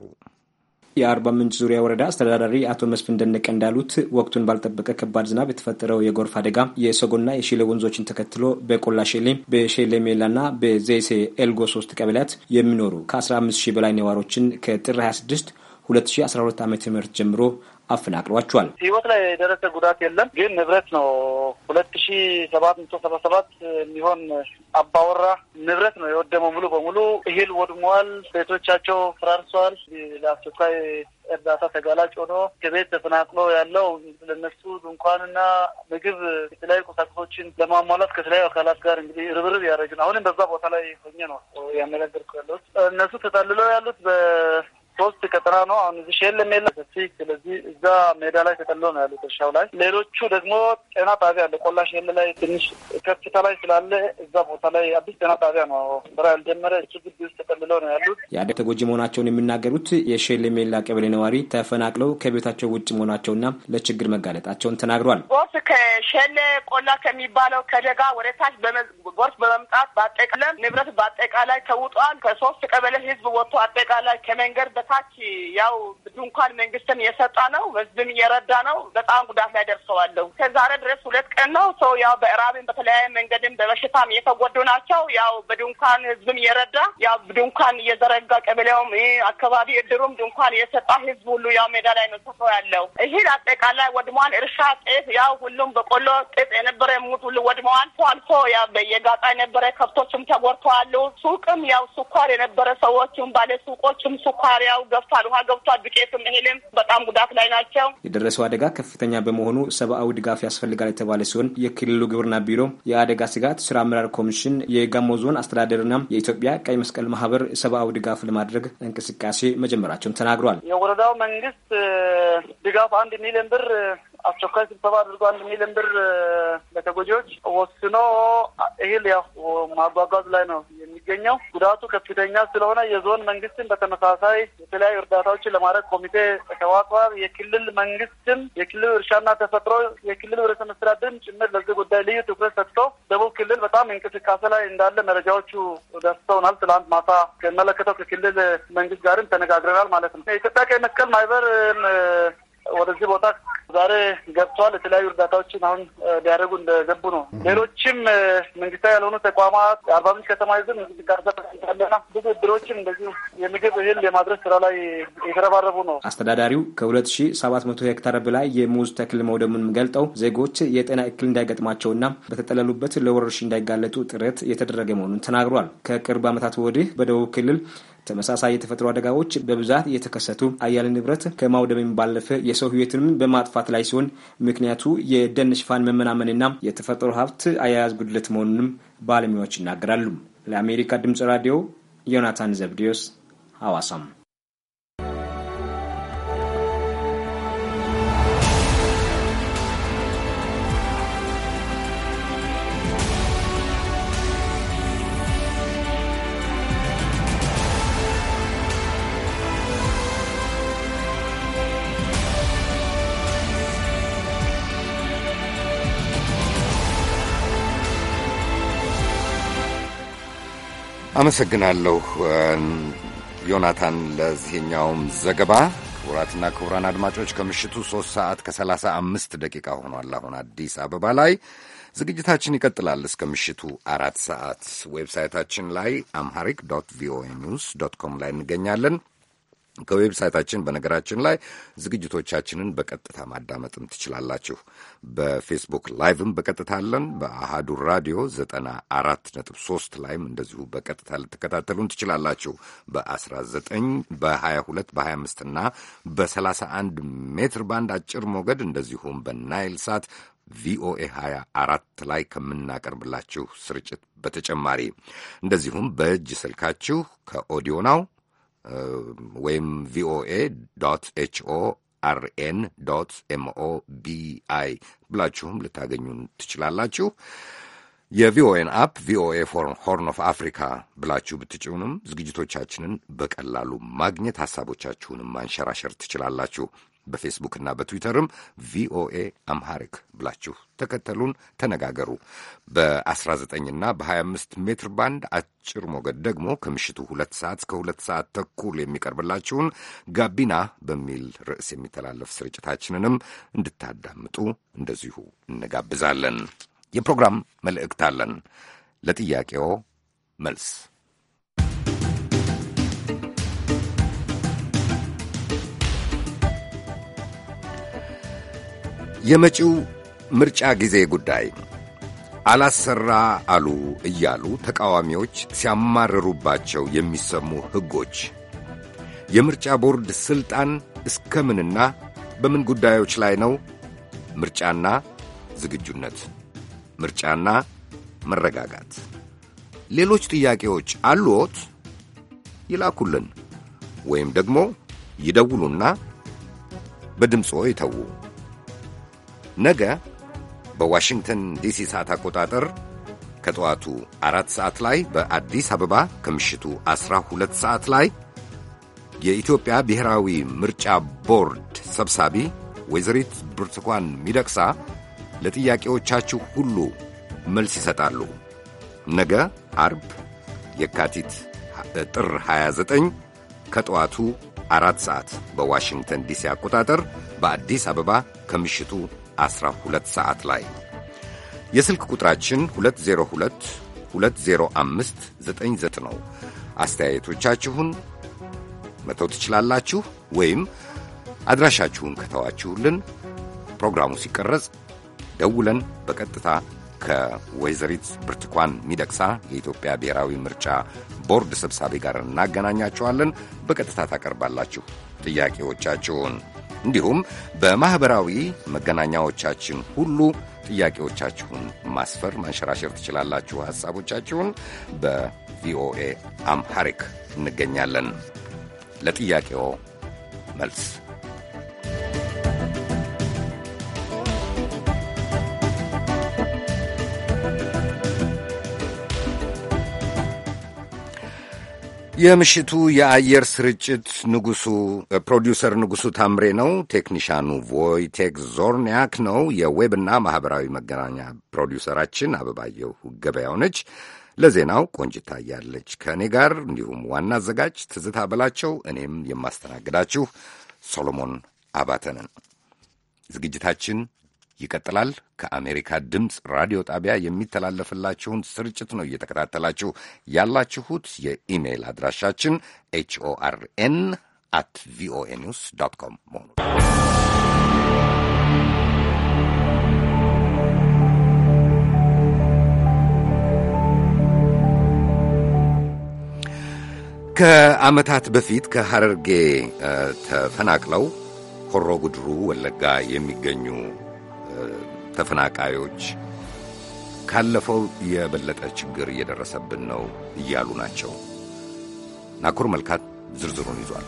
የአርባ ምንጭ ዙሪያ ወረዳ አስተዳዳሪ አቶ መስፍን ደነቀ እንዳሉት ወቅቱን ባልጠበቀ ከባድ ዝናብ የተፈጠረው የጎርፍ አደጋ የሰጎና የሺሌ ወንዞችን ተከትሎ በቆላ ሼሌ፣ በሼሌ ና በዘይሴ ኤልጎ ሶስት ቀበሌያት የሚኖሩ ከ15 ሺህ በላይ ነዋሪዎችን ከጥር 26 2012 ዓ ም ጀምሮ አፈናቅሏቸዋል። ህይወት ላይ የደረሰ ጉዳት የለም፣ ግን ንብረት ነው ሁለት ሺ ሰባት መቶ ሰባ ሰባት የሚሆን አባወራ ንብረት ነው የወደመው። ሙሉ በሙሉ እህል ወድሟል። ቤቶቻቸው ፈራርሰዋል። ለአስቸኳይ እርዳታ ተጋላጭ ሆኖ ከቤት ተፈናቅሎ ያለው ለነሱ ድንኳንና ምግብ የተለያዩ ቁሳቁሶችን ለማሟላት ከተለያዩ አካላት ጋር እንግዲህ ርብርብ ያደረግን አሁንም በዛ ቦታ ላይ ሆኜ ነው ያነጋገርኩ ያለሁት። እነሱ ተጠልለው ያሉት በ ሶስት ቀጠና ነው። አሁን እዚህ የለም የለ ሰፊ ስለዚህ እዛ ሜዳ ላይ ተጠሎ ነው ያሉት እርሻው ላይ። ሌሎቹ ደግሞ ጤና ጣቢያ አለ ቆላ ሸለ ላይ ትንሽ ከፍታ ላይ ስላለ እዛ ቦታ ላይ አዲስ ጤና ጣቢያ ነው ስራ ያልጀመረ እሱ ግቢ ውስጥ ተጠልለው ነው ያሉት። የአደ ተጎጂ መሆናቸውን የሚናገሩት የሼለሜላ ቀበሌ ነዋሪ ተፈናቅለው ከቤታቸው ውጭ መሆናቸውና ለችግር መጋለጣቸውን ተናግሯል። ጎርፍ ከሸለ ቆላ ከሚባለው ከደጋ ወደ ታች ጎርፍ በመምጣት በአጠቃላይ ንብረት በአጠቃላይ ተውጧል። ከሶስት ቀበሌ ህዝብ ወጥቶ አጠቃላይ ከመንገድ በታች ያው ድንኳን መንግስትም የሰጣ ነው፣ ህዝብም እየረዳ ነው። በጣም ጉዳት ላይ ደርሰዋለሁ። ከዛሬ ድረስ ሁለት ቀን ነው። ሰው ያው በእራብን በተለያየ መንገድም በበሽታም የተጎዱ ናቸው። ያው በድንኳን ህዝብም እየረዳ ያው ድንኳን እየዘረጋ ቀበሌውም አካባቢ እድሩም ድንኳን እየሰጣ ህዝብ ሁሉ ያው ሜዳ ላይ ነው ሰፈው ያለው። ይህን አጠቃላይ ወድሟን እርሻ፣ ጤፍ ያው ሁሉም በቆሎ፣ ጤፍ የነበረ ሙት ሁሉ ወድመዋል። አልፎ አልፎ በየጋጣ የነበረ ከብቶችም ተጎድተዋሉ። ሱቅም ያው ስኳር የነበረ ሰዎችም ባለ ሱቆችም ስኳር ያው ገብቷል፣ ውሃ ገብቷል፣ ዱቄትም እህልም በጣም ጉዳት ላይ ናቸው። የደረሰው አደጋ ከፍተኛ በመሆኑ ሰብአዊ ድጋፍ ያስፈልጋል የተባለ ሲሆን የክልሉ ግብርና ቢሮ፣ የአደጋ ስጋት ስራ አመራር ኮሚሽን፣ የጋሞ ዞን አስተዳደርና የኢትዮጵያ ቀይ መስቀል ማህበር ሰብአዊ ድጋፍ ለማድረግ እንቅስቃሴ መጀመራቸውን ተናግሯል። የወረዳው መንግስት ድጋፍ አንድ ሚሊዮን ብር አስቸኳይ ስብሰባ አድርጓል ሚሊዮን ብር ለተጎጂዎች ወስኖ እህል ያው ማጓጓዝ ላይ ነው የሚገኘው። ጉዳቱ ከፍተኛ ስለሆነ የዞን መንግስትን በተመሳሳይ የተለያዩ እርዳታዎችን ለማድረግ ኮሚቴ ተዋቅሯል። የክልል መንግስትም የክልል እርሻና ተፈጥሮ የክልል ርዕሰ መስተዳድርም ጭምር ለዚህ ጉዳይ ልዩ ትኩረት ሰጥቶ ደቡብ ክልል በጣም እንቅስቃሴ ላይ እንዳለ መረጃዎቹ ደርሰውናል። ትላንት ማታ ከመለከተው ከክልል መንግስት ጋርም ተነጋግረናል ማለት ነው። የኢትዮጵያ ቀይ መስቀል ማህበር ወደዚህ ቦታ ዛሬ ገብተዋል። የተለያዩ እርዳታዎችን አሁን ሊያደርጉ እንደገቡ ነው። ሌሎችም መንግስታዊ ያልሆኑ ተቋማት አርባ ምንጭ ከተማ ይዘን ጋርዘለና ብዙ እድሮችን እንደዚሁ የምግብ እህል የማድረስ ስራ ላይ የተረባረቡ ነው። አስተዳዳሪው ከሁለት ሺ ሰባት መቶ ሄክታር በላይ የሙዝ ተክል መውደሙን ገልጠው ዜጎች የጤና እክል እንዳይገጥማቸውና በተጠለሉበት ለወረርሽ እንዳይጋለጡ ጥረት የተደረገ መሆኑን ተናግሯል። ከቅርብ ዓመታት ወዲህ በደቡብ ክልል ተመሳሳይ የተፈጥሮ አደጋዎች በብዛት እየተከሰቱ አያሌ ንብረት ከማውደምም ባለፈ የሰው ህይወትንም በማጥፋት ላይ ሲሆን ምክንያቱ የደን ሽፋን መመናመንና የተፈጥሮ ሀብት አያያዝ ጉድለት መሆኑንም ባለሙያዎች ይናገራሉ። ለአሜሪካ ድምጽ ራዲዮ ዮናታን ዘብዲዮስ ሐዋሳም አመሰግናለሁ ዮናታን ለዚህኛውም ዘገባ። ክቡራትና ክቡራን አድማጮች ከምሽቱ 3 ሰዓት ከ35 ደቂቃ ሆኗል አሁን አዲስ አበባ ላይ። ዝግጅታችን ይቀጥላል እስከ ምሽቱ አራት ሰዓት። ዌብሳይታችን ላይ አምሃሪክ ዶት ቪኦኤ ኒውስ ዶት ኮም ላይ እንገኛለን። ከዌብሳይታችን በነገራችን ላይ ዝግጅቶቻችንን በቀጥታ ማዳመጥም ትችላላችሁ። በፌስቡክ ላይቭም በቀጥታ አለን። በአሃዱ ራዲዮ 94.3 ላይም እንደዚሁ በቀጥታ ልትከታተሉን ትችላላችሁ። በ19 በ22 በ25 እና በ31 ሜትር ባንድ አጭር ሞገድ እንደዚሁም በናይል ሳት ቪኦኤ 24 ላይ ከምናቀርብላችሁ ስርጭት በተጨማሪ እንደዚሁም በእጅ ስልካችሁ ከኦዲዮ ናው ወይም ቪኦኤ ዶት ኤችኦ አርኤን ዶት ኤምኦ ቢአይ ብላችሁም ልታገኙን ትችላላችሁ። የቪኦኤን አፕ ቪኦኤ ሆርን ኦፍ አፍሪካ ብላችሁ ብትጭውንም ዝግጅቶቻችንን በቀላሉ ማግኘት ሐሳቦቻችሁንም ማንሸራሸር ትችላላችሁ። በፌስቡክና በትዊተርም ቪኦኤ አምሃሪክ ብላችሁ ተከተሉን፣ ተነጋገሩ። በ19ና በ25 ሜትር ባንድ አጭር ሞገድ ደግሞ ከምሽቱ ሁለት ሰዓት እስከ ሁለት ሰዓት ተኩል የሚቀርብላችሁን ጋቢና በሚል ርዕስ የሚተላለፍ ስርጭታችንንም እንድታዳምጡ እንደዚሁ እንጋብዛለን። የፕሮግራም መልእክት አለን። ለጥያቄዎ መልስ የመጪው ምርጫ ጊዜ ጉዳይ አላሰራ አሉ እያሉ ተቃዋሚዎች ሲያማርሩባቸው የሚሰሙ ሕጎች የምርጫ ቦርድ ሥልጣን እስከ ምንና በምን ጉዳዮች ላይ ነው? ምርጫና ዝግጁነት፣ ምርጫና መረጋጋት፣ ሌሎች ጥያቄዎች አሉዎት? ይላኩልን ወይም ደግሞ ይደውሉና በድምፆ ይተዉ። ነገ በዋሽንግተን ዲሲ ሰዓት አቆጣጠር ከጠዋቱ አራት ሰዓት ላይ በአዲስ አበባ ከምሽቱ ዐሥራ ሁለት ሰዓት ላይ የኢትዮጵያ ብሔራዊ ምርጫ ቦርድ ሰብሳቢ ወይዘሪት ብርቱካን ሚደቅሳ ለጥያቄዎቻችሁ ሁሉ መልስ ይሰጣሉ። ነገ አርብ የካቲት ጥር 29 ከጠዋቱ አራት ሰዓት በዋሽንግተን ዲሲ አቆጣጠር በአዲስ አበባ ከምሽቱ 12 ሰዓት ላይ የስልክ ቁጥራችን 202 205 99 ነው። አስተያየቶቻችሁን መተው ትችላላችሁ ወይም አድራሻችሁን ከተዋችሁልን ፕሮግራሙ ሲቀረጽ ደውለን በቀጥታ ከወይዘሪት ብርቱካን ሚደቅሳ የኢትዮጵያ ብሔራዊ ምርጫ ቦርድ ሰብሳቢ ጋር እናገናኛችኋለን። በቀጥታ ታቀርባላችሁ ጥያቄዎቻችሁን። እንዲሁም በማኅበራዊ መገናኛዎቻችን ሁሉ ጥያቄዎቻችሁን ማስፈር፣ ማንሸራሸር ትችላላችሁ። ሐሳቦቻችሁን በቪኦኤ አምሐሪክ እንገኛለን። ለጥያቄዎ መልስ የምሽቱ የአየር ስርጭት ንጉሱ ፕሮዲውሰር ንጉሱ ታምሬ ነው። ቴክኒሻኑ ቮይቴክ ዞርኒያክ ነው። የዌብና ማኅበራዊ መገናኛ ፕሮዲውሰራችን አበባየሁ ገበያው ነች። ለዜናው ቆንጅታ ያለች ከእኔ ጋር እንዲሁም ዋና አዘጋጅ ትዝታ በላቸው፣ እኔም የማስተናግዳችሁ ሶሎሞን አባተ ነን። ዝግጅታችን ይቀጥላል። ከአሜሪካ ድምፅ ራዲዮ ጣቢያ የሚተላለፍላችሁን ስርጭት ነው እየተከታተላችሁ ያላችሁት። የኢሜይል አድራሻችን ኤችኦአርኤን አት ቪኦኤ ኒውስ ዶት ኮም መሆኑ ከዓመታት በፊት ከሐረርጌ ተፈናቅለው ሆሮ ጉድሩ ወለጋ የሚገኙ ተፈናቃዮች ካለፈው የበለጠ ችግር እየደረሰብን ነው እያሉ ናቸው። ናኩር መልካት ዝርዝሩን ይዟል።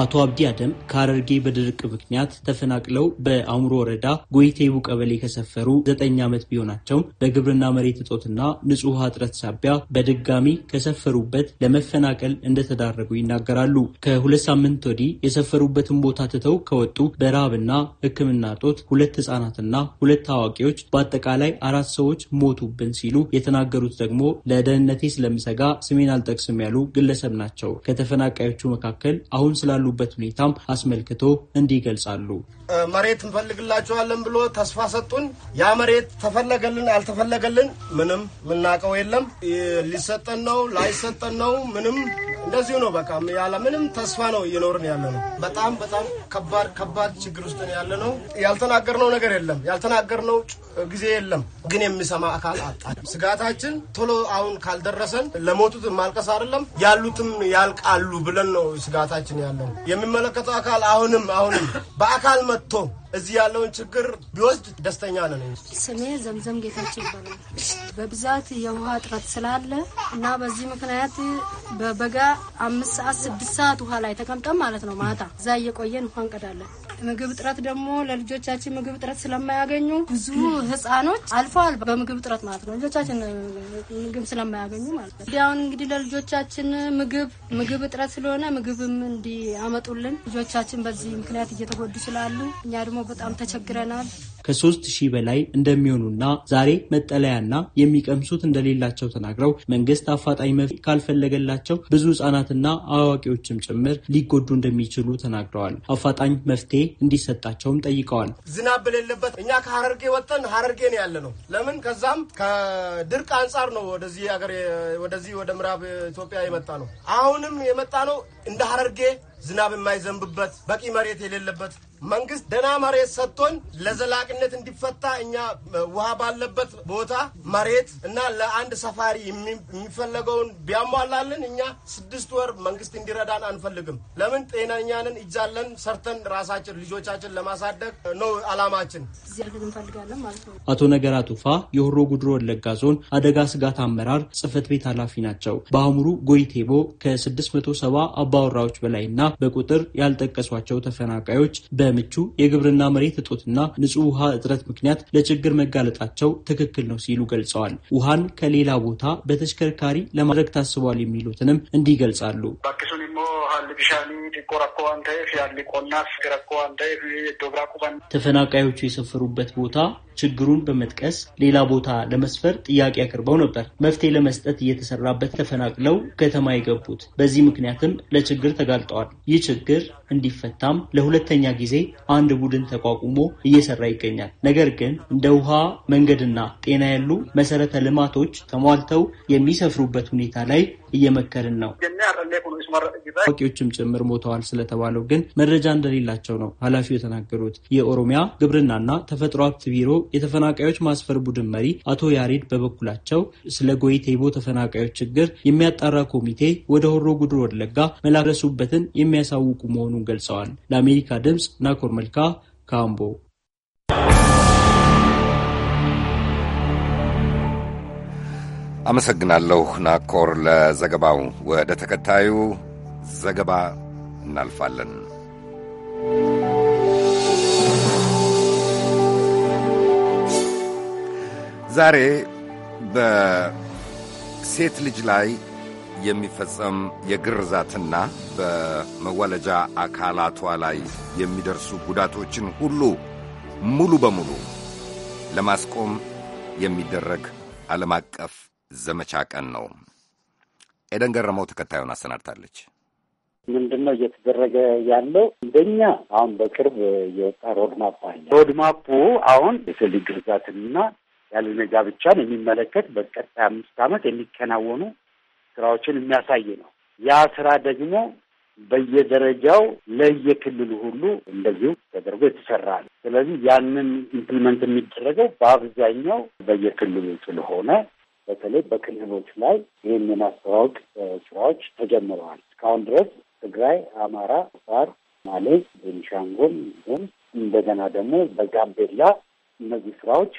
አቶ አብዲ አደም ከአረርጌ በድርቅ ምክንያት ተፈናቅለው በአእምሮ ወረዳ ጎይቴቡ ቀበሌ ከሰፈሩ ዘጠኝ ዓመት ቢሆናቸው በግብርና መሬት እጦትና ንጹህ ውሃ እጥረት ሳቢያ በድጋሚ ከሰፈሩበት ለመፈናቀል እንደተዳረጉ ይናገራሉ። ከሁለት ሳምንት ወዲህ የሰፈሩበትን ቦታ ትተው ከወጡ በረሃብና ሕክምና እጦት ሁለት ህጻናትና ሁለት ታዋቂዎች በአጠቃላይ አራት ሰዎች ሞቱብን ሲሉ የተናገሩት ደግሞ ለደህንነቴ ስለምሰጋ ስሜን አልጠቅስም ያሉ ግለሰብ ናቸው። ከተፈናቃዮቹ መካከል አሁን ስላሉ ስላሉበት ሁኔታም አስመልክቶ እንዲህ ይገልጻሉ። መሬት እንፈልግላችኋለን ብሎ ተስፋ ሰጡን። ያ መሬት ተፈለገልን አልተፈለገልን ምንም የምናውቀው የለም። ሊሰጠን ነው ላይሰጠን ነው ምንም እንደዚሁ ነው። በቃ ያለ ምንም ተስፋ ነው እየኖርን ያለ ነው። በጣም በጣም ከባድ ከባድ ችግር ውስጥ ያለ ነው። ያልተናገርነው ነገር የለም። ያልተናገርነው ጊዜ የለም። ግን የሚሰማ አካል አጣ። ስጋታችን ቶሎ አሁን ካልደረሰን ለሞቱት ማልቀስ አይደለም ያሉትም ያልቃሉ ብለን ነው ስጋታችን ያለው። የሚመለከተው አካል አሁንም አሁንም በአካል to እዚህ ያለውን ችግር ቢወስድ ደስተኛ ነን። ስሜ ዘምዘም ጌታቸው ይባላል። በብዛት የውሃ እጥረት ስላለ እና በዚህ ምክንያት በበጋ አምስት ሰዓት ስድስት ሰዓት ውሃ ላይ ተቀምጠን ማለት ነው ማታ እዛ እየቆየን ውሃ እንቀዳለን። ምግብ እጥረት ደግሞ ለልጆቻችን ምግብ እጥረት ስለማያገኙ ብዙ ህጻኖች አልፈዋል። በምግብ እጥረት ማለት ነው ልጆቻችን ምግብ ስለማያገኙ ማለት ነው። አሁን እንግዲህ ለልጆቻችን ምግብ ምግብ እጥረት ስለሆነ ምግብም እንዲያመጡልን ልጆቻችን በዚህ ምክንያት እየተጎዱ ስላሉ እኛ ደግሞ በጣም ተቸግረናል። ከሶስት ሺህ በላይ እንደሚሆኑና ዛሬ መጠለያና የሚቀምሱት እንደሌላቸው ተናግረው መንግስት አፋጣኝ መፍትሄ ካልፈለገላቸው ብዙ ህጻናትና አዋቂዎችም ጭምር ሊጎዱ እንደሚችሉ ተናግረዋል። አፋጣኝ መፍትሄ እንዲሰጣቸውም ጠይቀዋል። ዝናብ በሌለበት እኛ ከሀረርጌ ወጥተን ሀረርጌ ነው ያለ ነው። ለምን ከዛም ከድርቅ አንጻር ነው ወደዚህ ሀገር ወደዚህ ወደ ምዕራብ ኢትዮጵያ የመጣ ነው። አሁንም የመጣ ነው እንደ ሀረርጌ ዝናብ የማይዘንብበት በቂ መሬት የሌለበት መንግስት ደህና መሬት ሰጥቶን ለዘላቂ በዘላቂነት እንዲፈታ እኛ ውሃ ባለበት ቦታ መሬት እና ለአንድ ሰፋሪ የሚፈለገውን ቢያሟላልን እኛ ስድስት ወር መንግስት እንዲረዳን አንፈልግም። ለምን ጤናኛንን እጃለን ሰርተን ራሳችን ልጆቻችን ለማሳደግ ነው አላማችን። አቶ ነገራ ቱፋ የሆሮ ጉድሮ ወለጋ ዞን አደጋ ስጋት አመራር ጽህፈት ቤት ኃላፊ ናቸው። በአእምሩ ጎይቴቦ ከ670 አባወራዎች በላይና በቁጥር ያልጠቀሷቸው ተፈናቃዮች በምቹ የግብርና መሬት እጦትና ንጹህ ውሃ በውሃ እጥረት ምክንያት ለችግር መጋለጣቸው ትክክል ነው ሲሉ ገልጸዋል። ውሃን ከሌላ ቦታ በተሽከርካሪ ለማድረግ ታስቧል የሚሉትንም እንዲህ ይገልጻሉ። ተፈናቃዮቹ የሰፈሩበት ቦታ ችግሩን በመጥቀስ ሌላ ቦታ ለመስፈር ጥያቄ አቅርበው ነበር። መፍትሄ ለመስጠት እየተሰራበት ተፈናቅለው ከተማ የገቡት በዚህ ምክንያትም ለችግር ተጋልጠዋል። ይህ ችግር እንዲፈታም ለሁለተኛ ጊዜ አንድ ቡድን ተቋቁሞ እየሰራ ይገኛል። ነገር ግን እንደ ውሃ፣ መንገድና ጤና ያሉ መሰረተ ልማቶች ተሟልተው የሚሰፍሩበት ሁኔታ ላይ እየመከርን ነው። ታዋቂዎችም ጭምር ሞተዋል ስለተባለው ግን መረጃ እንደሌላቸው ነው ኃላፊው የተናገሩት። የኦሮሚያ ግብርናና ተፈጥሮ ሀብት ቢሮ የተፈናቃዮች ማስፈር ቡድን መሪ አቶ ያሬድ በበኩላቸው ስለ ጎይቴቦ ተፈናቃዮች ችግር የሚያጣራ ኮሚቴ ወደ ሆሮ ጉድሮ ወለጋ መላረሱበትን የሚያሳውቁ መሆኑን ገልጸዋል። ለአሜሪካ ድምፅ ናኮር መልካ ካምቦ አመሰግናለሁ ናኮር ለዘገባው። ወደ ተከታዩ ዘገባ እናልፋለን። ዛሬ በሴት ልጅ ላይ የሚፈጸም የግርዛትና በመወለጃ አካላቷ ላይ የሚደርሱ ጉዳቶችን ሁሉ ሙሉ በሙሉ ለማስቆም የሚደረግ ዓለም አቀፍ ዘመቻ ቀን ነው። ኤደን ገረመው ተከታዩን አሰናድታለች። ምንድን ነው እየተደረገ ያለው? እንደኛ አሁን በቅርብ የወጣ ሮድማፕ አለ። ሮድማፑ አሁን የስል ግርዛትንና ያልሆነ ጋብቻን የሚመለከት በቀጣይ አምስት ዓመት የሚከናወኑ ስራዎችን የሚያሳይ ነው። ያ ስራ ደግሞ በየደረጃው ለየክልሉ ሁሉ እንደዚሁ ተደርጎ የተሰራ ነው። ስለዚህ ያንን ኢምፕሊመንት የሚደረገው በአብዛኛው በየክልሉ ስለሆነ በተለይ በክልሎች ላይ ይህን የማስተዋወቅ ስራዎች ተጀምረዋል። እስካሁን ድረስ ትግራይ፣ አማራ፣ አፋር፣ ማሌ፣ ቤኒሻንጉል ም እንደገና ደግሞ በጋምቤላ እነዚህ ስራዎች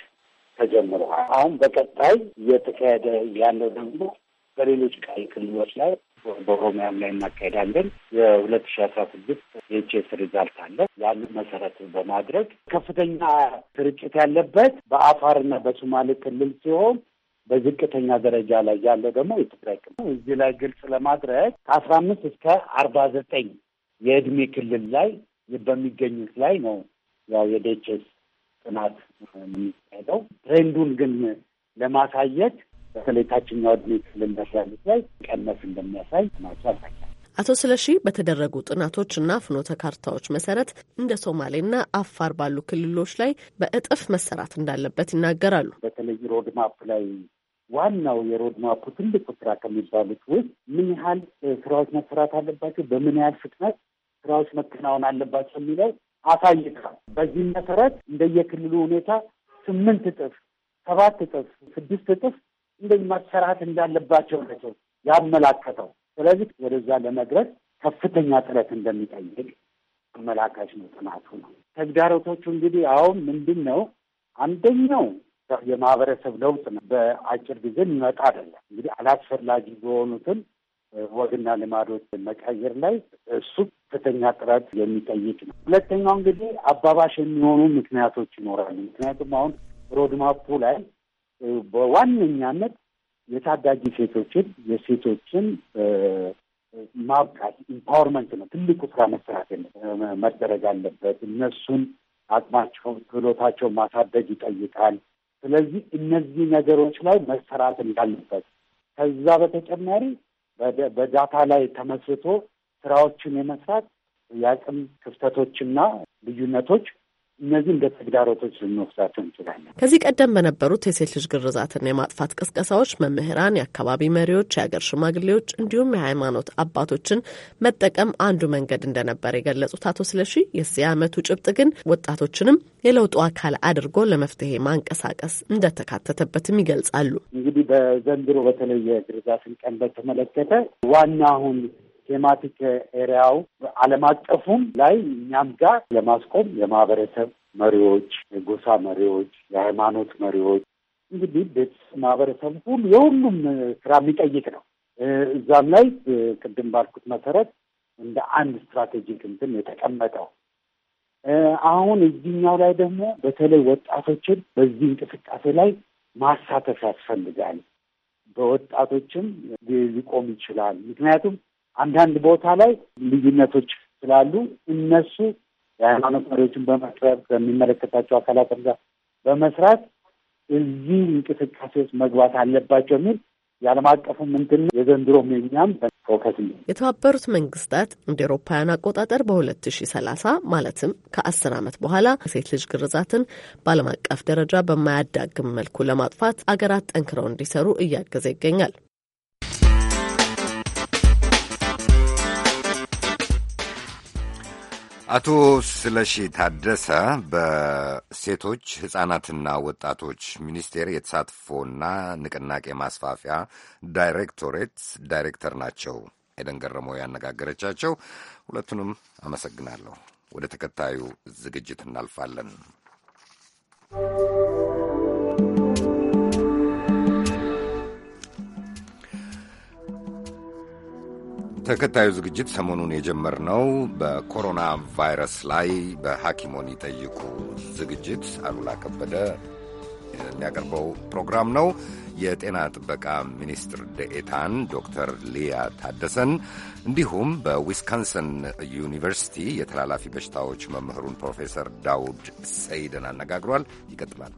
ተጀምረዋል። አሁን በቀጣይ እየተካሄደ ያለው ደግሞ በሌሎች ቃይ ክልሎች ላይ በኦሮሚያም ላይ እናካሄዳለን። የሁለት ሺ አስራ ስድስት የቼስ ሪዛልት አለ ያሉ መሰረት በማድረግ ከፍተኛ ስርጭት ያለበት በአፋርና በሶማሌ ክልል ሲሆን በዝቅተኛ ደረጃ ላይ ያለው ደግሞ የትግራይ ክልል። እዚህ ላይ ግልጽ ለማድረግ ከአስራ አምስት እስከ አርባ ዘጠኝ የእድሜ ክልል ላይ በሚገኙት ላይ ነው ያው የዴችስ ጥናት የሚካሄደው። ትሬንዱን ግን ለማሳየት በተለይ ታችኛው እድሜ ክልል ያሉት ላይ ቀነስ እንደሚያሳይ ጥናቱ ያሳያል። አቶ ስለሺ በተደረጉ ጥናቶችና ፍኖተ ካርታዎች መሰረት እንደ ሶማሌና አፋር ባሉ ክልሎች ላይ በእጥፍ መሰራት እንዳለበት ይናገራሉ። በተለይ ሮድማፕ ላይ ዋናው የሮድማፑ ትልቁ ስራ ከሚባሉት ውስጥ ምን ያህል ስራዎች መሰራት አለባቸው፣ በምን ያህል ፍጥነት ስራዎች መከናወን አለባቸው የሚለው አሳይቷል። በዚህም መሰረት እንደየክልሉ ሁኔታ ስምንት እጥፍ፣ ሰባት እጥፍ፣ ስድስት እጥፍ እንደዚህ መሰራት እንዳለባቸው ናቸው ያመላከተው። ስለዚህ ወደዛ ለመድረስ ከፍተኛ ጥረት እንደሚጠይቅ አመላካች ነው ጥናቱ ነው። ተግዳሮቶቹ እንግዲህ አሁን ምንድን ነው አንደኛው የማህበረሰብ ለውጥ ነው። በአጭር ጊዜ የሚመጣ አይደለም። እንግዲህ አላስፈላጊ የሆኑትን ወግና ልማዶች መቀየር ላይ እሱ ከፍተኛ ጥረት የሚጠይቅ ነው። ሁለተኛው እንግዲህ አባባሽ የሚሆኑ ምክንያቶች ይኖራሉ። ምክንያቱም አሁን ሮድማፑ ላይ በዋነኛነት የታዳጊ ሴቶችን የሴቶችን ማብቃት ኢምፓወርመንት ነው ትልቁ ስራ መሰራት መደረግ አለበት። እነሱን አቅማቸውን፣ ክህሎታቸውን ማሳደግ ይጠይቃል። ስለዚህ እነዚህ ነገሮች ላይ መሰራት እንዳለበት ከዛ በተጨማሪ በዳታ ላይ ተመስርቶ ስራዎችን የመስራት የአቅም ክፍተቶችና ልዩነቶች እነዚህ እንደ ተግዳሮቶች ልንወስዳቸው እንችላለን። ከዚህ ቀደም በነበሩት የሴት ልጅ ግርዛትና የማጥፋት ቅስቀሳዎች መምህራን፣ የአካባቢ መሪዎች፣ የሀገር ሽማግሌዎች እንዲሁም የሃይማኖት አባቶችን መጠቀም አንዱ መንገድ እንደነበር የገለጹት አቶ ስለሺ የዚህ ዓመቱ ጭብጥ ግን ወጣቶችንም የለውጡ አካል አድርጎ ለመፍትሄ ማንቀሳቀስ እንደተካተተበትም ይገልጻሉ። እንግዲህ በዘንድሮ በተለይ የግርዛትን ቀን በተመለከተ ዋና አሁን ቴማቲክ ኤሪያው ዓለም አቀፉም ላይ እኛም ጋር ለማስቆም የማህበረሰብ መሪዎች፣ የጎሳ መሪዎች፣ የሃይማኖት መሪዎች እንግዲህ ቤተሰብ፣ ማህበረሰብ ሁሉ የሁሉም ስራ የሚጠይቅ ነው። እዛም ላይ ቅድም ባልኩት መሰረት እንደ አንድ ስትራቴጂክ እንትን የተቀመጠው አሁን እዚህኛው ላይ ደግሞ በተለይ ወጣቶችን በዚህ እንቅስቃሴ ላይ ማሳተፍ ያስፈልጋል። በወጣቶችም ሊቆም ይችላል። ምክንያቱም አንዳንድ ቦታ ላይ ልዩነቶች ስላሉ እነሱ የሃይማኖት መሪዎችን በመቅረብ በሚመለከታቸው አካላት ጋር በመስራት እዚህ እንቅስቃሴ ውስጥ መግባት አለባቸው የሚል የዓለም አቀፉ ምንድን የዘንድሮ ምኛም ፎከስ የተባበሩት መንግስታት እንደ ኤሮፓውያን አቆጣጠር በ ሰላሳ ማለትም ከአስር ዓመት በኋላ ሴት ልጅ ግርዛትን በዓለም አቀፍ ደረጃ በማያዳግም መልኩ ለማጥፋት አገራት ጠንክረው እንዲሰሩ እያገዘ ይገኛል። አቶ ስለሺ ታደሰ በሴቶች ሕፃናትና ወጣቶች ሚኒስቴር የተሳትፎና ንቅናቄ ማስፋፊያ ዳይሬክቶሬት ዳይሬክተር ናቸው። ኤደን ገረመው ያነጋገረቻቸው። ሁለቱንም አመሰግናለሁ። ወደ ተከታዩ ዝግጅት እናልፋለን። ተከታዩ ዝግጅት ሰሞኑን የጀመርነው በኮሮና ቫይረስ ላይ በሐኪሞን ይጠይቁ ዝግጅት አሉላ ከበደ የሚያቀርበው ፕሮግራም ነው። የጤና ጥበቃ ሚኒስትር ደኤታን ዶክተር ሊያ ታደሰን እንዲሁም በዊስካንሰን ዩኒቨርሲቲ የተላላፊ በሽታዎች መምህሩን ፕሮፌሰር ዳውድ ሰይድን አነጋግሯል። ይቀጥላል።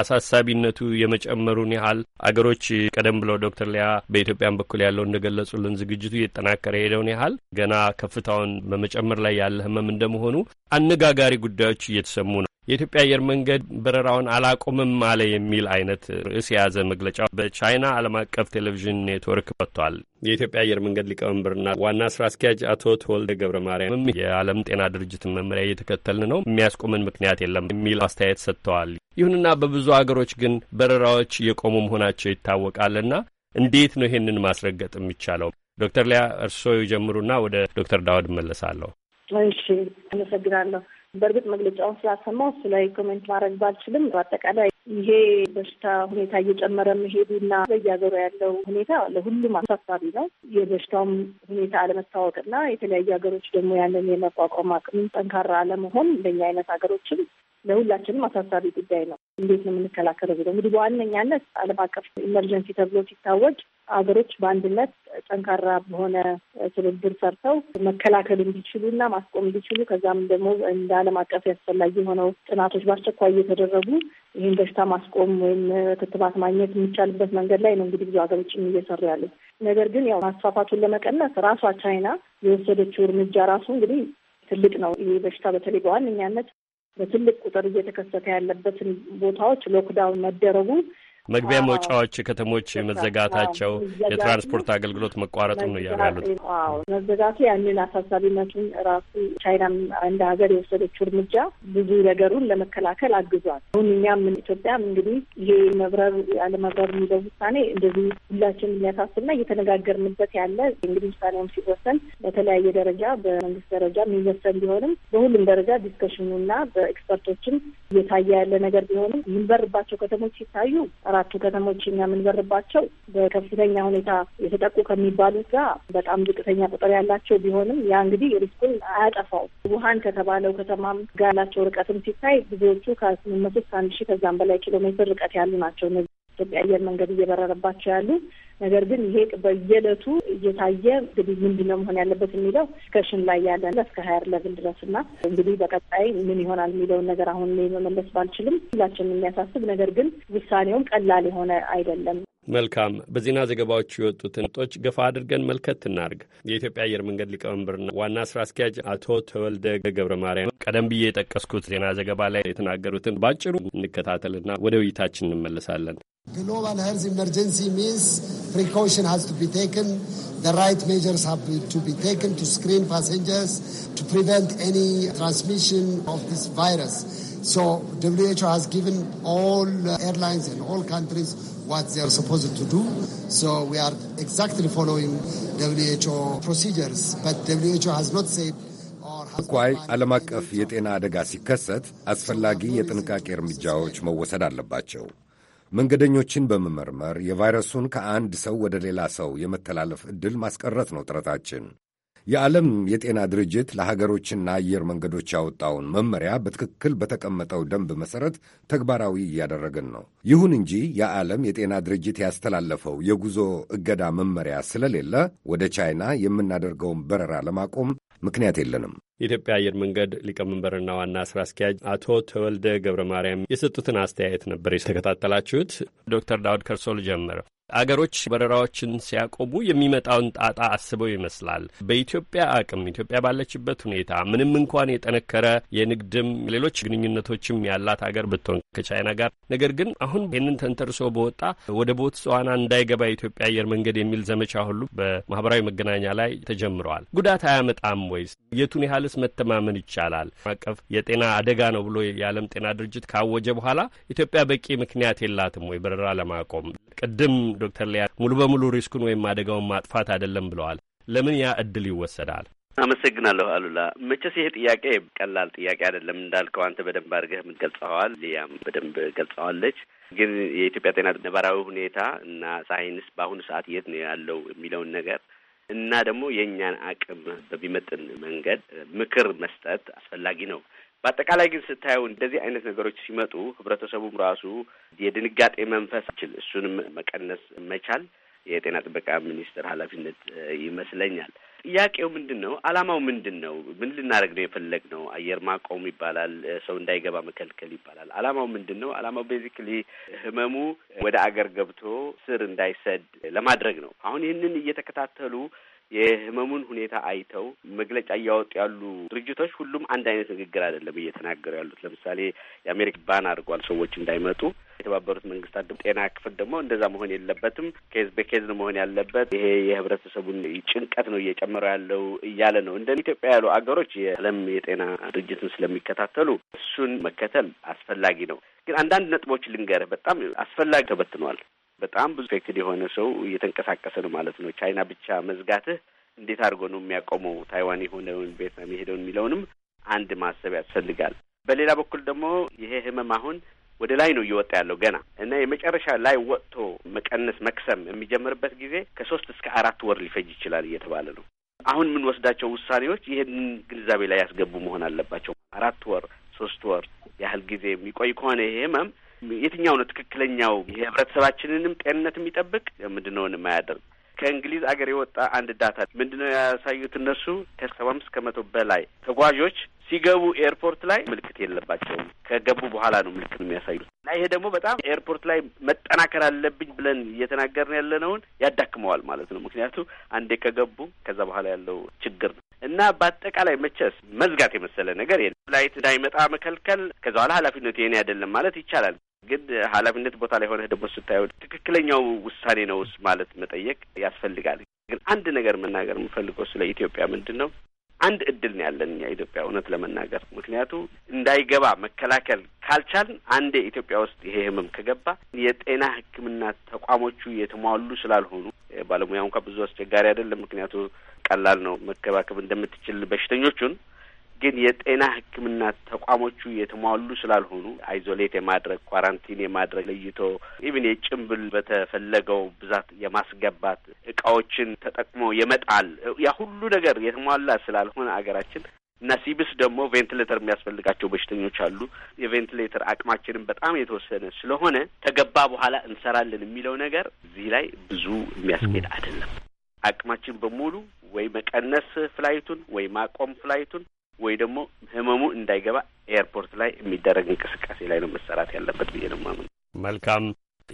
አሳሳቢነቱ የመጨመሩን ያህል አገሮች ቀደም ብለው ዶክተር ሊያ በኢትዮጵያን በኩል ያለው እንደገለጹልን ዝግጅቱ እየጠናከረ ሄደውን ያህል ገና ከፍታውን በመጨመር ላይ ያለ ህመም እንደመሆኑ አነጋጋሪ ጉዳዮች እየተሰሙ ነው። የኢትዮጵያ አየር መንገድ በረራውን አላቆምም አለ የሚል አይነት ርዕስ የያዘ መግለጫ በቻይና ዓለም አቀፍ ቴሌቪዥን ኔትወርክ ወጥቷል። የኢትዮጵያ አየር መንገድ ሊቀመንበርና ዋና ስራ አስኪያጅ አቶ ተወልደ ገብረ ማርያምም የዓለም ጤና ድርጅትን መመሪያ እየተከተልን ነው፣ የሚያስቆመን ምክንያት የለም የሚል አስተያየት ሰጥተዋል። ይሁንና በብዙ አገሮች ግን በረራዎች የቆሙ መሆናቸው ይታወቃልና እንዴት ነው ይህንን ማስረገጥ የሚቻለው? ዶክተር ሊያ እርስዎ ይጀምሩና ወደ ዶክተር ዳውድ እመለሳለሁ። እሺ፣ አመሰግናለሁ። በእርግጥ መግለጫውን ስላሰማው እሱ ላይ ኮሜንት ማድረግ ባልችልም በአጠቃላይ ይሄ በሽታ ሁኔታ እየጨመረ መሄዱና በየሀገሩ ያለው ሁኔታ ለሁሉም አሳሳቢ ነው። የበሽታውም ሁኔታ አለመታወቅና የተለያዩ ሀገሮች ደግሞ ያንን የመቋቋም አቅም ጠንካራ አለመሆን ለእኛ አይነት ሀገሮችም ለሁላችንም አሳሳቢ ጉዳይ ነው። እንዴት ነው የምንከላከለው ብለው እንግዲህ በዋነኛነት ዓለም አቀፍ ኢመርጀንሲ ተብሎ ሲታወጅ አገሮች በአንድነት ጠንካራ በሆነ ትብብር ሰርተው መከላከል እንዲችሉ እና ማስቆም እንዲችሉ ከዛም ደግሞ እንደ ዓለም አቀፍ ያስፈላጊ የሆነው ጥናቶች በአስቸኳይ እየተደረጉ ይህን በሽታ ማስቆም ወይም ክትባት ማግኘት የሚቻልበት መንገድ ላይ ነው እንግዲህ ብዙ ሀገሮች እየሰሩ ያሉት። ነገር ግን ያው ማስፋፋቱን ለመቀነስ ራሷ ቻይና የወሰደችው እርምጃ ራሱ እንግዲህ ትልቅ ነው። ይህ በሽታ በተለይ በዋነኛነት በትልቅ ቁጥር እየተከሰተ ያለበትን ቦታዎች ሎክዳውን መደረጉ መግቢያ መውጫዎች ከተሞች መዘጋታቸው፣ የትራንስፖርት አገልግሎት መቋረጡን ነው እያሉ ያሉት። መዘጋቱ ያንን አሳሳቢነቱን ራሱ ቻይና እንደ ሀገር የወሰደችው እርምጃ ብዙ ነገሩን ለመከላከል አግዟል። አሁን እኛም ኢትዮጵያም እንግዲህ ይሄ መብረር ያለመብረር የሚለው ውሳኔ እንደዚህ ሁላችን የሚያሳስብና እየተነጋገርንበት ያለ እንግዲህ ውሳኔውም ሲወሰን በተለያየ ደረጃ በመንግስት ደረጃ የሚወሰን ቢሆንም በሁሉም ደረጃ ዲስከሽኑና በኤክስፐርቶችም እየታየ ያለ ነገር ቢሆንም የሚበርባቸው ከተሞች ሲታዩ አራቱ ከተሞች የምንበርባቸው በከፍተኛ ሁኔታ የተጠቁ ከሚባሉት ጋር በጣም ዝቅተኛ ቁጥር ያላቸው ቢሆንም ያ እንግዲህ ሪስኩን አያጠፋው ውሀን ከተባለው ከተማም ጋር ያላቸው ርቀትም ሲታይ ብዙዎቹ ከስምመቶ መቶ እስከ አንድ ሺህ ከዛም በላይ ኪሎ ሜትር ርቀት ያሉ ናቸው። እነዚህ ኢትዮጵያ አየር መንገድ እየበረረባቸው ያሉ ነገር ግን ይሄ በየዕለቱ እየታየ እንግዲህ ምንድን ነው መሆን ያለበት የሚለው ዲስከሽን ላይ ያለ እስከ ሀያር ለብል ድረስ እና እንግዲህ በቀጣይ ምን ይሆናል የሚለውን ነገር አሁን መመለስ ባልችልም ሁላችን የሚያሳስብ ነገር ግን ውሳኔውም ቀላል የሆነ አይደለም። መልካም በዜና ዘገባዎች የወጡትን ጦች ገፋ አድርገን መልከት እናርግ። የኢትዮጵያ አየር መንገድ ሊቀመንበርና ዋና ስራ አስኪያጅ አቶ ተወልደ ገብረ ማርያም ቀደም ብዬ የጠቀስኩት ዜና ዘገባ ላይ የተናገሩትን በአጭሩ እንከታተልና ወደ ውይይታችን እንመለሳለን። ግሎባል ሄልዝ ኢመርጀንሲ ሚንስ ፕሪኮሽን ሃዝ ቱ ቢ ቴክን ዘ ራይት ሜዠርስ ሃቭ ቱ ቢ ቴክን ቱ ስክሪን ፓሴንጀርስ ቱ ፕሪቨንት ኤኒ ትራንስሚሽን ኦፍ ዲስ ቫይረስ ሶ ደብሊው ኤች ኦ ሃዝ ጊቨን ኦል ኤርላይንስ ኤንድ ኦል ካንትሪስ what they are supposed to do. So we are exactly following WHO procedures, but WHO has not said ኳይ ዓለም አቀፍ የጤና አደጋ ሲከሰት አስፈላጊ የጥንቃቄ እርምጃዎች መወሰድ አለባቸው። መንገደኞችን በመመርመር የቫይረሱን ከአንድ ሰው ወደ ሌላ ሰው የመተላለፍ ዕድል ማስቀረት ነው ጥረታችን። የዓለም የጤና ድርጅት ለሀገሮችና አየር መንገዶች ያወጣውን መመሪያ በትክክል በተቀመጠው ደንብ መሠረት ተግባራዊ እያደረግን ነው። ይሁን እንጂ የዓለም የጤና ድርጅት ያስተላለፈው የጉዞ እገዳ መመሪያ ስለሌለ ወደ ቻይና የምናደርገውን በረራ ለማቆም ምክንያት የለንም። የኢትዮጵያ አየር መንገድ ሊቀመንበርና ዋና ስራ አስኪያጅ አቶ ተወልደ ገብረ ማርያም የሰጡትን አስተያየት ነበር የተከታተላችሁት። ዶክተር ዳውድ ከርሶ ልጀምር። አገሮች በረራዎችን ሲያቆሙ የሚመጣውን ጣጣ አስበው ይመስላል። በኢትዮጵያ አቅም ኢትዮጵያ ባለችበት ሁኔታ ምንም እንኳን የጠነከረ የንግድም ሌሎች ግንኙነቶችም ያላት አገር ብትሆን ከቻይና ጋር ነገር ግን አሁን ይህንን ተንተርሶ በወጣ ወደ ቦትስዋና እንዳይገባ የኢትዮጵያ አየር መንገድ የሚል ዘመቻ ሁሉ በማህበራዊ መገናኛ ላይ ተጀምረዋል። ጉዳት አያመጣም ወይስ? የቱን ያህልስ መተማመን ይቻላል? አቀፍ የጤና አደጋ ነው ብሎ የዓለም ጤና ድርጅት ካወጀ በኋላ ኢትዮጵያ በቂ ምክንያት የላትም ወይ በረራ ለማቆም? ቅድም ዶክተር ሊያ ሙሉ በሙሉ ሪስኩን ወይም አደጋውን ማጥፋት አይደለም ብለዋል። ለምን ያ እድል ይወሰዳል? አመሰግናለሁ አሉላ። መቼስ ይሄ ጥያቄ ቀላል ጥያቄ አይደለም። እንዳልከው አንተ በደንብ አድርገህ የምትገልጸዋል፣ ሊያም በደንብ ገልጸዋለች። ግን የኢትዮጵያ ጤና ነባራዊ ሁኔታ እና ሳይንስ በአሁኑ ሰዓት የት ነው ያለው የሚለውን ነገር እና ደግሞ የእኛን አቅም በሚመጥን መንገድ ምክር መስጠት አስፈላጊ ነው። በአጠቃላይ ግን ስታየው እንደዚህ አይነት ነገሮች ሲመጡ ህብረተሰቡም ራሱ የድንጋጤ መንፈስ ችል እሱንም መቀነስ መቻል የጤና ጥበቃ ሚኒስቴር ኃላፊነት ይመስለኛል። ጥያቄው ምንድን ነው? አላማው ምንድን ነው? ምን ልናደርግ ነው የፈለግ ነው? አየር ማቆም ይባላል፣ ሰው እንዳይገባ መከልከል ይባላል። አላማው ምንድን ነው? አላማው ቤዚክሊ ህመሙ ወደ አገር ገብቶ ስር እንዳይሰድ ለማድረግ ነው። አሁን ይህንን እየተከታተሉ የህመሙን ሁኔታ አይተው መግለጫ እያወጡ ያሉ ድርጅቶች ሁሉም አንድ አይነት ንግግር አይደለም እየተናገሩ ያሉት። ለምሳሌ የአሜሪካ ባን አድርጓል ሰዎች እንዳይመጡ። የተባበሩት መንግስታት ጤና ክፍል ደግሞ እንደዛ መሆን የለበትም፣ ኬዝ በኬዝ ነው መሆን ያለበት፣ ይሄ የህብረተሰቡን ጭንቀት ነው እየጨመሩ ያለው እያለ ነው። እንደ ኢትዮጵያ ያሉ አገሮች የዓለም የጤና ድርጅትን ስለሚከታተሉ እሱን መከተል አስፈላጊ ነው። ግን አንዳንድ ነጥቦች ልንገርህ፣ በጣም አስፈላጊ ተበትነዋል። በጣም ብዙ ፌክትድ የሆነ ሰው እየተንቀሳቀሰ ነው ማለት ነው። ቻይና ብቻ መዝጋትህ እንዴት አድርጎ ነው የሚያቆመው ታይዋን የሆነውን ቪየትናም የሄደውን የሚለውንም አንድ ማሰብ ያስፈልጋል። በሌላ በኩል ደግሞ ይሄ ህመም አሁን ወደ ላይ ነው እየወጣ ያለው ገና እና የመጨረሻ ላይ ወጥቶ መቀነስ መክሰም የሚጀምርበት ጊዜ ከሶስት እስከ አራት ወር ሊፈጅ ይችላል እየተባለ ነው። አሁን የምንወስዳቸው ውሳኔዎች ይህን ግንዛቤ ላይ ያስገቡ መሆን አለባቸው። አራት ወር ሶስት ወር ያህል ጊዜ የሚቆይ ከሆነ ይሄ ህመም የትኛው ነው ትክክለኛው የህብረተሰባችንንም ጤንነት የሚጠብቅ ምንድነውን የማያደርግ ከእንግሊዝ አገር የወጣ አንድ ዳታ ምንድነው ያሳዩት? እነሱ ከሰባ አምስት ከመቶ በላይ ተጓዦች ሲገቡ ኤርፖርት ላይ ምልክት የለባቸውም። ከገቡ በኋላ ነው ምልክት የሚያሳዩት። እና ይሄ ደግሞ በጣም ኤርፖርት ላይ መጠናከር አለብኝ ብለን እየተናገርን ያለነውን ያዳክመዋል ማለት ነው። ምክንያቱ አንዴ ከገቡ ከዛ በኋላ ያለው ችግር ነው። እና በአጠቃላይ መቸስ መዝጋት የመሰለ ነገር የለም። ፍላይት እንዳይመጣ መከልከል፣ ከዛ በኋላ ኃላፊነቱ የኔ አይደለም ማለት ይቻላል። ግን ኃላፊነት ቦታ ላይ ሆነህ ደግሞ ስታየው ትክክለኛው ውሳኔ ነው ማለት መጠየቅ ያስፈልጋል። ግን አንድ ነገር መናገር የምፈልገው ስለ ኢትዮጵያ ምንድን ነው አንድ እድል ነው ያለን እኛ ኢትዮጵያ እውነት ለመናገር ምክንያቱ እንዳይገባ መከላከል ካልቻልን አንዴ ኢትዮጵያ ውስጥ ይሄ ህመም ከገባ የጤና ሕክምና ተቋሞቹ የተሟሉ ስላልሆኑ ባለሙያ እንኳ ብዙ አስቸጋሪ አይደለም። ምክንያቱ ቀላል ነው መከባከብ እንደምትችል በሽተኞቹን ግን የጤና ሕክምና ተቋሞቹ የተሟሉ ስላልሆኑ አይዞሌት የማድረግ ኳራንቲን የማድረግ ለይቶ ኢቭን የጭንብል በተፈለገው ብዛት የማስገባት እቃዎችን ተጠቅሞ የመጣል ያ ሁሉ ነገር የተሟላ ስላልሆነ አገራችን እና ሲብስ ደግሞ ቬንትሌተር የሚያስፈልጋቸው በሽተኞች አሉ። የቬንትሌተር አቅማችንም በጣም የተወሰነ ስለሆነ ከገባ በኋላ እንሰራለን የሚለው ነገር እዚህ ላይ ብዙ የሚያስኬድ አይደለም። አቅማችን በሙሉ ወይ መቀነስ ፍላይቱን ወይ ማቆም ፍላይቱን ወይ ደግሞ ህመሙ እንዳይገባ ኤርፖርት ላይ የሚደረግ እንቅስቃሴ ላይ ነው መሰራት ያለበት ብዬ ነው ማምን። መልካም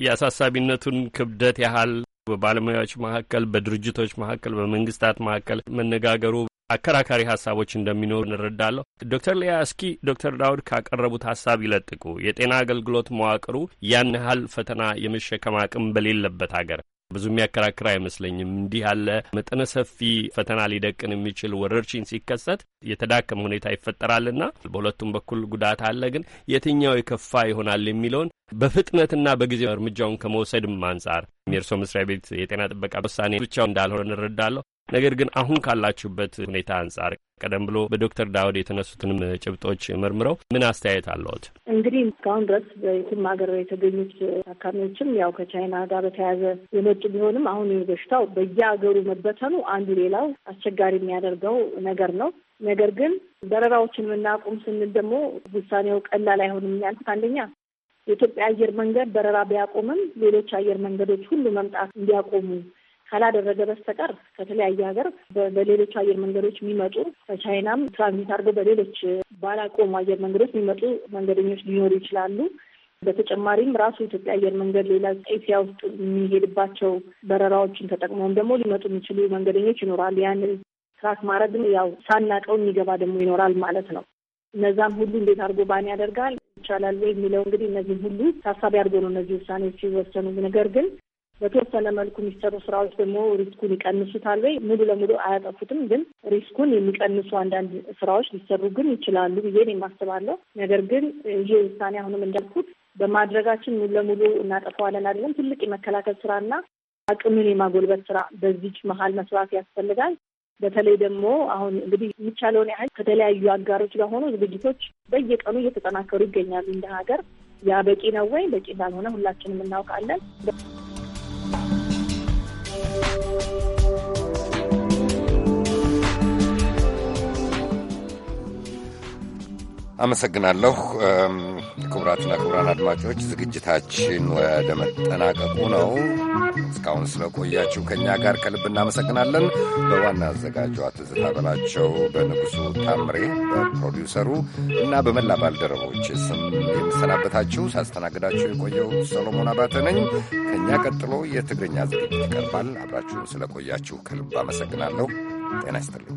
የአሳሳቢነቱን ክብደት ያህል በባለሙያዎች መካከል፣ በድርጅቶች መካከል፣ በመንግስታት መካከል መነጋገሩ አከራካሪ ሀሳቦች እንደሚኖሩ እንረዳለሁ። ዶክተር ሊያ እስኪ ዶክተር ዳውድ ካቀረቡት ሀሳብ ይለጥቁ። የጤና አገልግሎት መዋቅሩ ያን ያህል ፈተና የመሸከም አቅም በሌለበት ሀገር ብዙ የሚያከራክር አይመስለኝም። እንዲህ ያለ መጠነ ሰፊ ፈተና ሊደቅን የሚችል ወረርሽኝ ሲከሰት የተዳከመ ሁኔታ ይፈጠራልና በሁለቱም በኩል ጉዳት አለ። ግን የትኛው የከፋ ይሆናል የሚለውን በፍጥነትና በጊዜ እርምጃውን ከመውሰድም አንጻር የእርስዎ መስሪያ ቤት የጤና ጥበቃ ውሳኔ ብቻው እንዳልሆነ እንረዳለሁ። ነገር ግን አሁን ካላችሁበት ሁኔታ አንጻር ቀደም ብሎ በዶክተር ዳውድ የተነሱትንም ጭብጦች መርምረው ምን አስተያየት አለዎት? እንግዲህ እስካሁን ድረስ በየትም ሀገር የተገኙት ታካሚዎችም ያው ከቻይና ጋር በተያያዘ የመጡ ቢሆንም አሁን በሽታው በየሀገሩ መበተኑ አንዱ ሌላው አስቸጋሪ የሚያደርገው ነገር ነው። ነገር ግን በረራዎችን የምናቁም ስንል ደግሞ ውሳኔው ቀላል አይሆንም ያልኩት አንደኛ የኢትዮጵያ አየር መንገድ በረራ ቢያቆምም ሌሎች አየር መንገዶች ሁሉ መምጣት እንዲያቆሙ ካላደረገ በስተቀር ከተለያየ ሀገር በሌሎች አየር መንገዶች የሚመጡ ከቻይናም ትራንዚት አድርገው በሌሎች ባላቆሙ አየር መንገዶች የሚመጡ መንገደኞች ሊኖሩ ይችላሉ። በተጨማሪም ራሱ ኢትዮጵያ አየር መንገድ ሌላ ኤሲያ ውስጥ የሚሄድባቸው በረራዎችን ተጠቅመውም ደግሞ ሊመጡ የሚችሉ መንገደኞች ይኖራል። ያን ትራክ ማድረግ ያው ሳናቀው የሚገባ ደግሞ ይኖራል ማለት ነው። እነዛም ሁሉ እንዴት አድርጎ ባን ያደርጋል ይቻላል ወይ የሚለው እንግዲህ እነዚህ ሁሉ ታሳቢ አድርጎ ነው እነዚህ ውሳኔዎች ሲወሰኑ። ነገር ግን በተወሰነ መልኩ የሚሰሩ ስራዎች ደግሞ ሪስኩን ይቀንሱታል ወይ ሙሉ ለሙሉ አያጠፉትም፣ ግን ሪስኩን የሚቀንሱ አንዳንድ ስራዎች ሊሰሩ ግን ይችላሉ ብዬ የማስባለሁ። ነገር ግን ይሄ ውሳኔ አሁንም እንዳልኩት በማድረጋችን ሙሉ ለሙሉ እናጠፋዋለን አይደለም። ትልቅ የመከላከል ስራና አቅምን የማጎልበት ስራ በዚች መሀል መስራት ያስፈልጋል። በተለይ ደግሞ አሁን እንግዲህ የሚቻለውን ያህል ከተለያዩ አጋሮች ጋር ሆኖ ዝግጅቶች በየቀኑ እየተጠናከሩ ይገኛሉ። እንደ ሀገር ያ በቂ ነው ወይ? በቂ እንዳልሆነ ሁላችንም እናውቃለን። አመሰግናለሁ። ክቡራትና ክቡራን አድማጮች ዝግጅታችን ወደ መጠናቀቁ ነው። እስካሁን ስለቆያችሁ ከእኛ ጋር ከልብ እናመሰግናለን። በዋና አዘጋጇ ትዝታ በላቸው፣ በንጉሱ ታምሬ፣ በፕሮዲውሰሩ እና በመላ ባልደረቦች ስም የምሰናበታችሁ ሳስተናግዳችሁ የቆየው ሰሎሞን አባተ ነኝ። ከእኛ ቀጥሎ የትግርኛ ዝግጅት ይቀርባል። አብራችሁን ስለቆያችሁ ከልብ አመሰግናለሁ። ጤና ይስጥልኝ።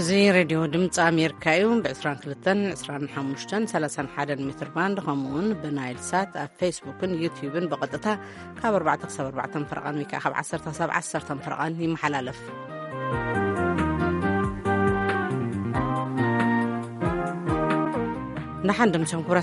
እዚ ሬድዮ ድምፂ ኣሜሪካ እዩ ብ22 25 31 ሜትር ባንድ ከምኡውን ብናይል ሳት ኣብ ፌስቡክን ዩትብን ብቐጥታ ካብ 4 ክሳብ 4 ፍርቓን ወይ ከዓ ካብ 1 ሳብ 1 ፍርቓን ይመሓላለፍ ንሓን ድምሰም ኩብራ